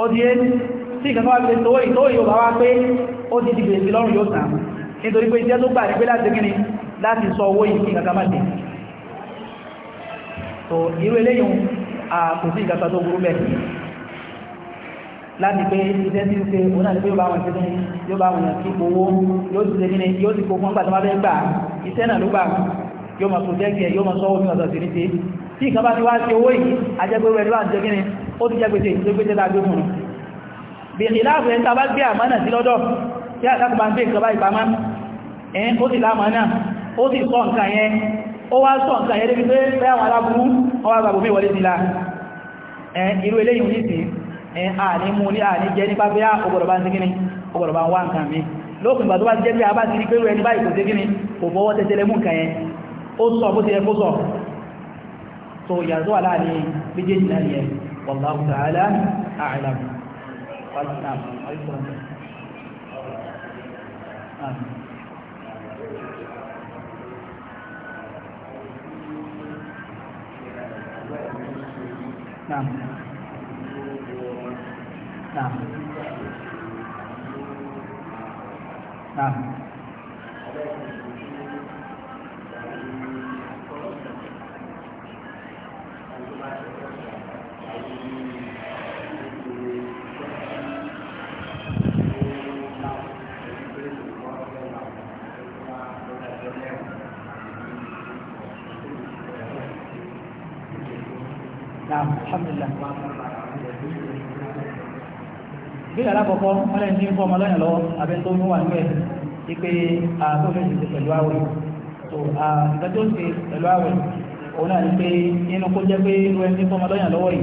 ó di é tí ìkàtọ́ wá pé tówó ìtówó yóò bá wá pé ó ti di gbèsè lọ́rùn yóò tàn nítorí pé iṣẹ́ tó gbà ní pé láti kíni láti sọ owó yìí kí ìkàtà so irú eléyìn àkò sí ìkàtà tó burú bẹ́ẹ̀ láti pé iṣẹ́ tí ń ṣe òun náà pé yóò bá wọn ṣe kíni yóò bá wọn kí owó yóò ti ṣe kíni yóò ti kó fún pàtàkì má fẹ́ gbà iṣẹ́ náà ló sí ó ti jẹ́ gbèsè tó gbèsè láàgbé fún un bèèrè láàbù ẹ̀ta bá gbé àmánà sí lọ́dọ̀ tí àtàkù bá ń gbé nǹkan bá ìpamá ẹ̀yìn ó sì láàmánà ó sì sọ nǹkan yẹn ó wá sọ nǹkan yẹn débi pé pé àwọn la irú eléyìí ní sí àní mú ní àní jẹ́ nípa bí ọgbọ̀dọ̀ ah, bá ń sí kíní ọgbọ̀dọ̀ bá ń wá nǹkan mi lókùn ìgbà tó bá jẹ́ bí a bá so ìyàtọ̀ wà láàrin méjèèjì náà nìyẹn والله تعالى أعلم قال نعم نعم نعم نعم نعم Thank you. Naam, alhamdulillah. Bílẹ̀ alákọ̀ọ́kọ́, wọ́n lẹ́yìn tí ń fọ́ lọ́yìn lọ́wọ́, àbí tó ń wà ní ẹ̀ tí pé àtọ́fẹ́ ti pẹ̀lú àwẹ̀. So, ìgbà tó ṣe pẹ̀lú àwẹ̀, òun náà ni pé inú kó jẹ́ pé ẹni fọ́ lọ́yìn lọ́wọ́ yìí,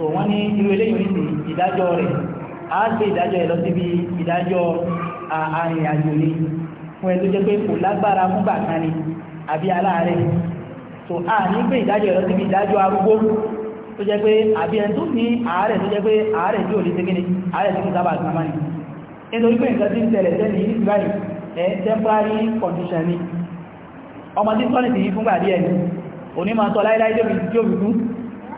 so wọ́n ní irú eléyìí ní ìdájọ́ rẹ̀ a ṣe ìdájọ́ ẹ̀ lọ síbi ìdájọ́ arìnrìnàjò ni fún ẹ tó jẹ́ pé kò lágbára fúngbà kan ni àbí aláàárẹ̀ so a ní pé ìdájọ́ ẹ̀ lọ síbi ìdájọ́ arúgbó tó jẹ́ pé àbí ẹni tó ní àárẹ̀ tó jẹ́ pé àárẹ̀ tí ò lè segin ni àárẹ̀ tí kò sábà gbọ́n mọ́ ni nítorí pé nǹkan tí ń tẹ̀lẹ̀ tẹ́lẹ̀ yìí báyìí ẹ̀ temporary condition ni ọmọ tí sọ́nìtì yìí fúngbà díẹ̀ ni òní máa tọ́ láíláí tó fi dú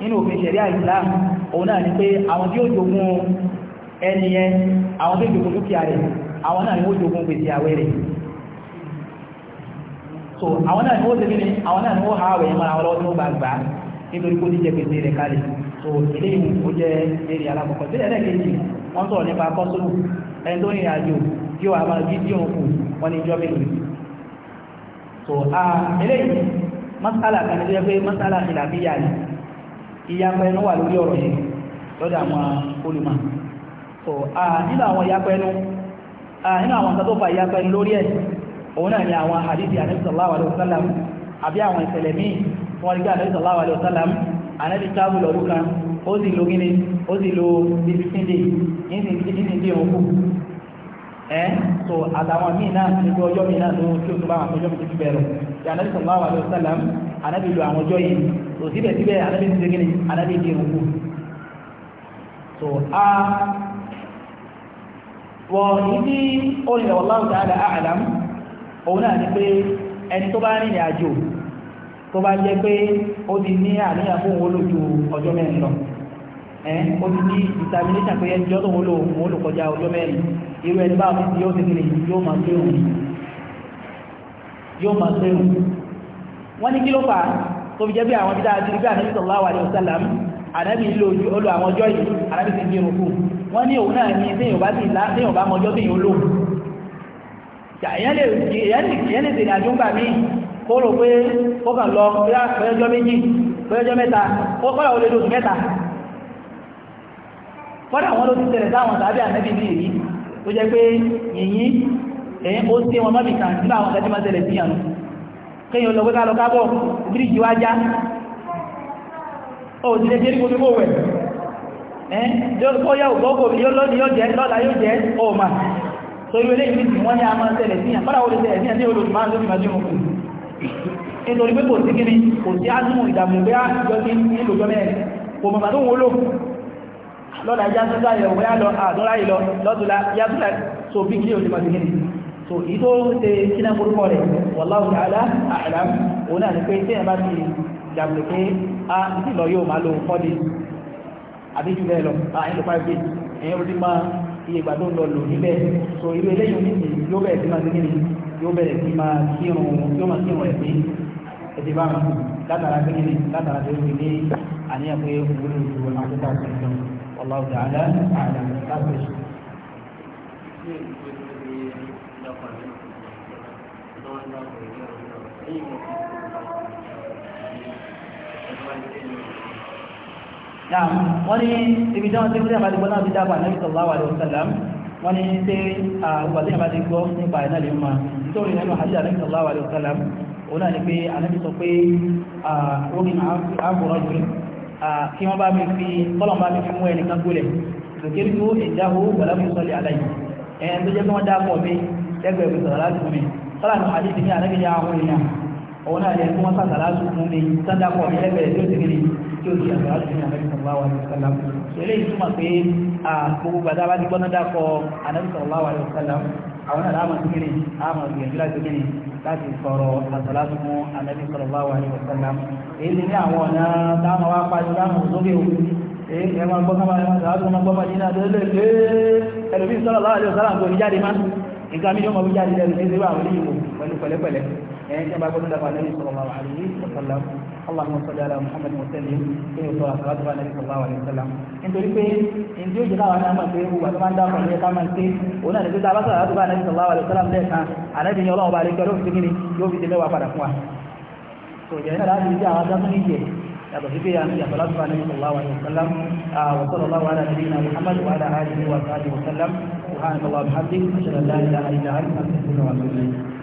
nínú òfin ṣẹ̀ríà Islam òun náà ni pé àwọn tí ó jogún ẹni yẹn àwọn tó jogún dúkìá rẹ̀ àwọn náà ni ó jogún gbèsè àwẹ̀ rẹ̀ so àwọn náà ni ó tẹ́lẹ̀ ní àwọn náà ni ó ha àwẹ̀ yẹn mọ́ra wọn lọ́wọ́ tí ó gbà gbà nítorí kó ti jẹ gbèsè rẹ̀ kalẹ̀ so eléyìí ó jẹ́ eré alákọ̀ọ́kọ́ bí ẹlẹ́kẹ̀ẹ́jì wọ́n sọ̀rọ̀ nípa kọ́sùrù ẹni tó rìnrìn àjò tí ó àwọn fídíò kù wọ́n ní ìjọ mélòó so eléyìí masala kan ní tó yẹ pé masala ìlàbíyà yìí ìyapa ẹnu wà lórí ọ̀rọ̀ yìí lọ́dọ̀ àwọn olùmọ̀ so nínú àwọn ìyapa ẹnu nínú àwọn nǹkan tó fa ìyapa ẹnu lórí ẹ̀ òun náà ni àwọn hadithi anabi sallallahu alayhi wa sallam àbí àwọn ìṣẹ̀lẹ̀ míì tí wọ́n rí pé anabi sallallahu alayhi lo gíní ó sì lo fifteen day ní so àtàwọn míì náà níbi ọjọ́ míì náà tó tí ó tún bá àwọn ọjọ́ anábì lo àwọn ọjọ́ yìí tó síbẹ̀síbẹ̀ anábì ti segin ní anábì di ìrùkù so a wọ ìdí orin wallahu ta'ala a'lam òun náà ni pé ẹni tó bá rìnrìn àjò tó bá jẹ́ pé ó ti ní àníyàn fún òun lójú ọjọ́ mẹ́rin lọ ẹ́n ó ti ní determination pé ẹni jọ́ tó wọ́n lò wọ́n lò kọjá ọjọ́ mẹ́rin irú ẹni bá fi yóò ti kiri yóò máa gbé òun yóò máa gbé òun wọ́n ní kí ló fà tó fi jẹ́ bí àwọn bídá àti ìgbà ànábì sallallahu alaihi wasallam ànábì ìlú olú àwọn ọjọ́ yìí ànábì ti ń gbé òkú wọ́n ní òun náà ní téèyàn bá ti ìlà téèyàn bá mọjọ́ téèyàn lò èyàn lè tèrè àjúgbà mí kó rò pé ó kàn lọ pẹ́yọjọ́ méjì pẹ́yọjọ́ mẹ́ta ó kọ́lá olè lóṣù mẹ́ta kọ́lá wọn ló ti tẹ̀lẹ̀ sáwọn tàbí ànábì ní èyí tó jẹ́ pé yìnyín èyí ó sí wọn mọ́bì kan nígbà àwọn tẹ́jú máa tẹ̀lẹ̀ sí yànú kéyàn lọ pẹ́ká lọ kábọ̀ bíríjì wá já ó ti lè jẹ́ ní gbogbo wẹ̀ ẹ́ yóò yá ògbógbò yóò lọ́dí yóò jẹ́ lọ́dá yóò jẹ́ ọmọ tó rí eléyìí tí wọ́n ní a máa tẹ̀lẹ̀ sí àpárá olè tẹ̀lẹ̀ sí àti olóòtú máa ń lórí máa jùmọ̀ nítorí pé kò sí kíní kò sí ádùnmù ìdàmù bí á jọ sí nílòjọ mẹ́rin kò mọ̀mà tó ń wólò lọ́dá yásúlá yẹ̀ wọ́yá lọ àdúrà ìlọ lọ́dúnlá yásúlá sófin kí olè máa ti kíní so èyí tó ṣe kíná orúkọ rẹ̀ wallahu ta'ala a'lam òun náà ni pé tí ẹ bá ti jàgbé pé a ti lọ yóò máa lo four days àbí jù bẹ́ẹ̀ lọ àyìn lọ five ẹ̀yìn ó ti iye ìgbà tó ń lọ lò níbẹ̀ so irú eléyìí ní ti yóò bẹ̀rẹ̀ sí máa ti kíni yóò bẹ̀rẹ̀ sí máa kírun yóò máa kírun ẹ̀ pé ẹ̀dẹ̀ bá wọn látara pé kíni látara pé wọ́n àníyàn pé wọ́n lè ju àkókò àti ìjọ wallahu ta'ala a'lam láti ṣe náà wọ́n ní ibi tí wọ́n tí wọ́n ti gbọ́ náà ti dábà náà sallallahu alaihi wasallam wọ́n ní tí àwọn tí wọ́n ti gbọ́ nípa ìná lè máa nítorí nínú àjíjà náà sallallahu alaihi wasallam òun náà ni pé anábì sọ pé orí àgbòrán jù kí wọ́n bá mi fi kọ́lọ̀n bá mi fi mú ẹni kan gólẹ̀ lòkèrè tó ìjáhó wọ̀lá mi sọ́lé aláì ẹni tó jẹ́ kí wọ́n sọ́lànà àdíjì ní àlẹ́bí ya àwọn èèyàn òun náà lè fún wọn sàtàlá sùn ní sádàpọ̀ ẹlẹ́bẹ̀ẹ́ tí ó ti rí tí ó ti àtàlá sùn ní àlẹ́bí sallallahu alaihi wasallam eléyìí túmọ̀ pé gbogbo gbàdá bá ti gbọ́n dàpọ̀ àlẹ́bí sallallahu alaihi wasallam àwọn náà láàmà sí kiri àmà gbìyànjú láti kiri láti sọ̀rọ̀ àtàlá sùn mú àlẹ́bí sallallahu alaihi wasallam èyí ni àwọn ọ̀nà táwọn wá pàdé láwọn nǹkan mi yóò mọ̀ wíjáde lẹ́nu ní ìdíwà àwọn oníyìnbó pẹ̀lú pẹ̀lẹ́pẹ̀lẹ́ ẹ̀yìn tí a bá gbọ́dọ̀ dàgbà lẹ́yìn sọ̀rọ̀ máa wà ní ìsọ̀lá Allahumma salli ala Muhammad wa sallim kí ni o sọ̀rọ̀ àtàlà tó bá lẹ́yìn sọ̀rọ̀ àwọn ìsọ̀lá. nítorí pé ǹjẹ́ òjì láwọn náà máa pé wà tó máa ń dá ọkọ̀ lẹ́yìn ká máa ń pé òun náà nígbà bá sọ̀rọ̀ àtàlà tó bá lẹ́yìn yàtọ̀ sí pé yàtọ̀ láti bá níbi sallallahu alaihi wasallam wa sallallahu ala nabiyyina muhammad wa ala alihi wa sahbihi wa sallam subhanallahi wa bihamdihi ashhadu an la ilaha illa anta astaghfiruka wa atubu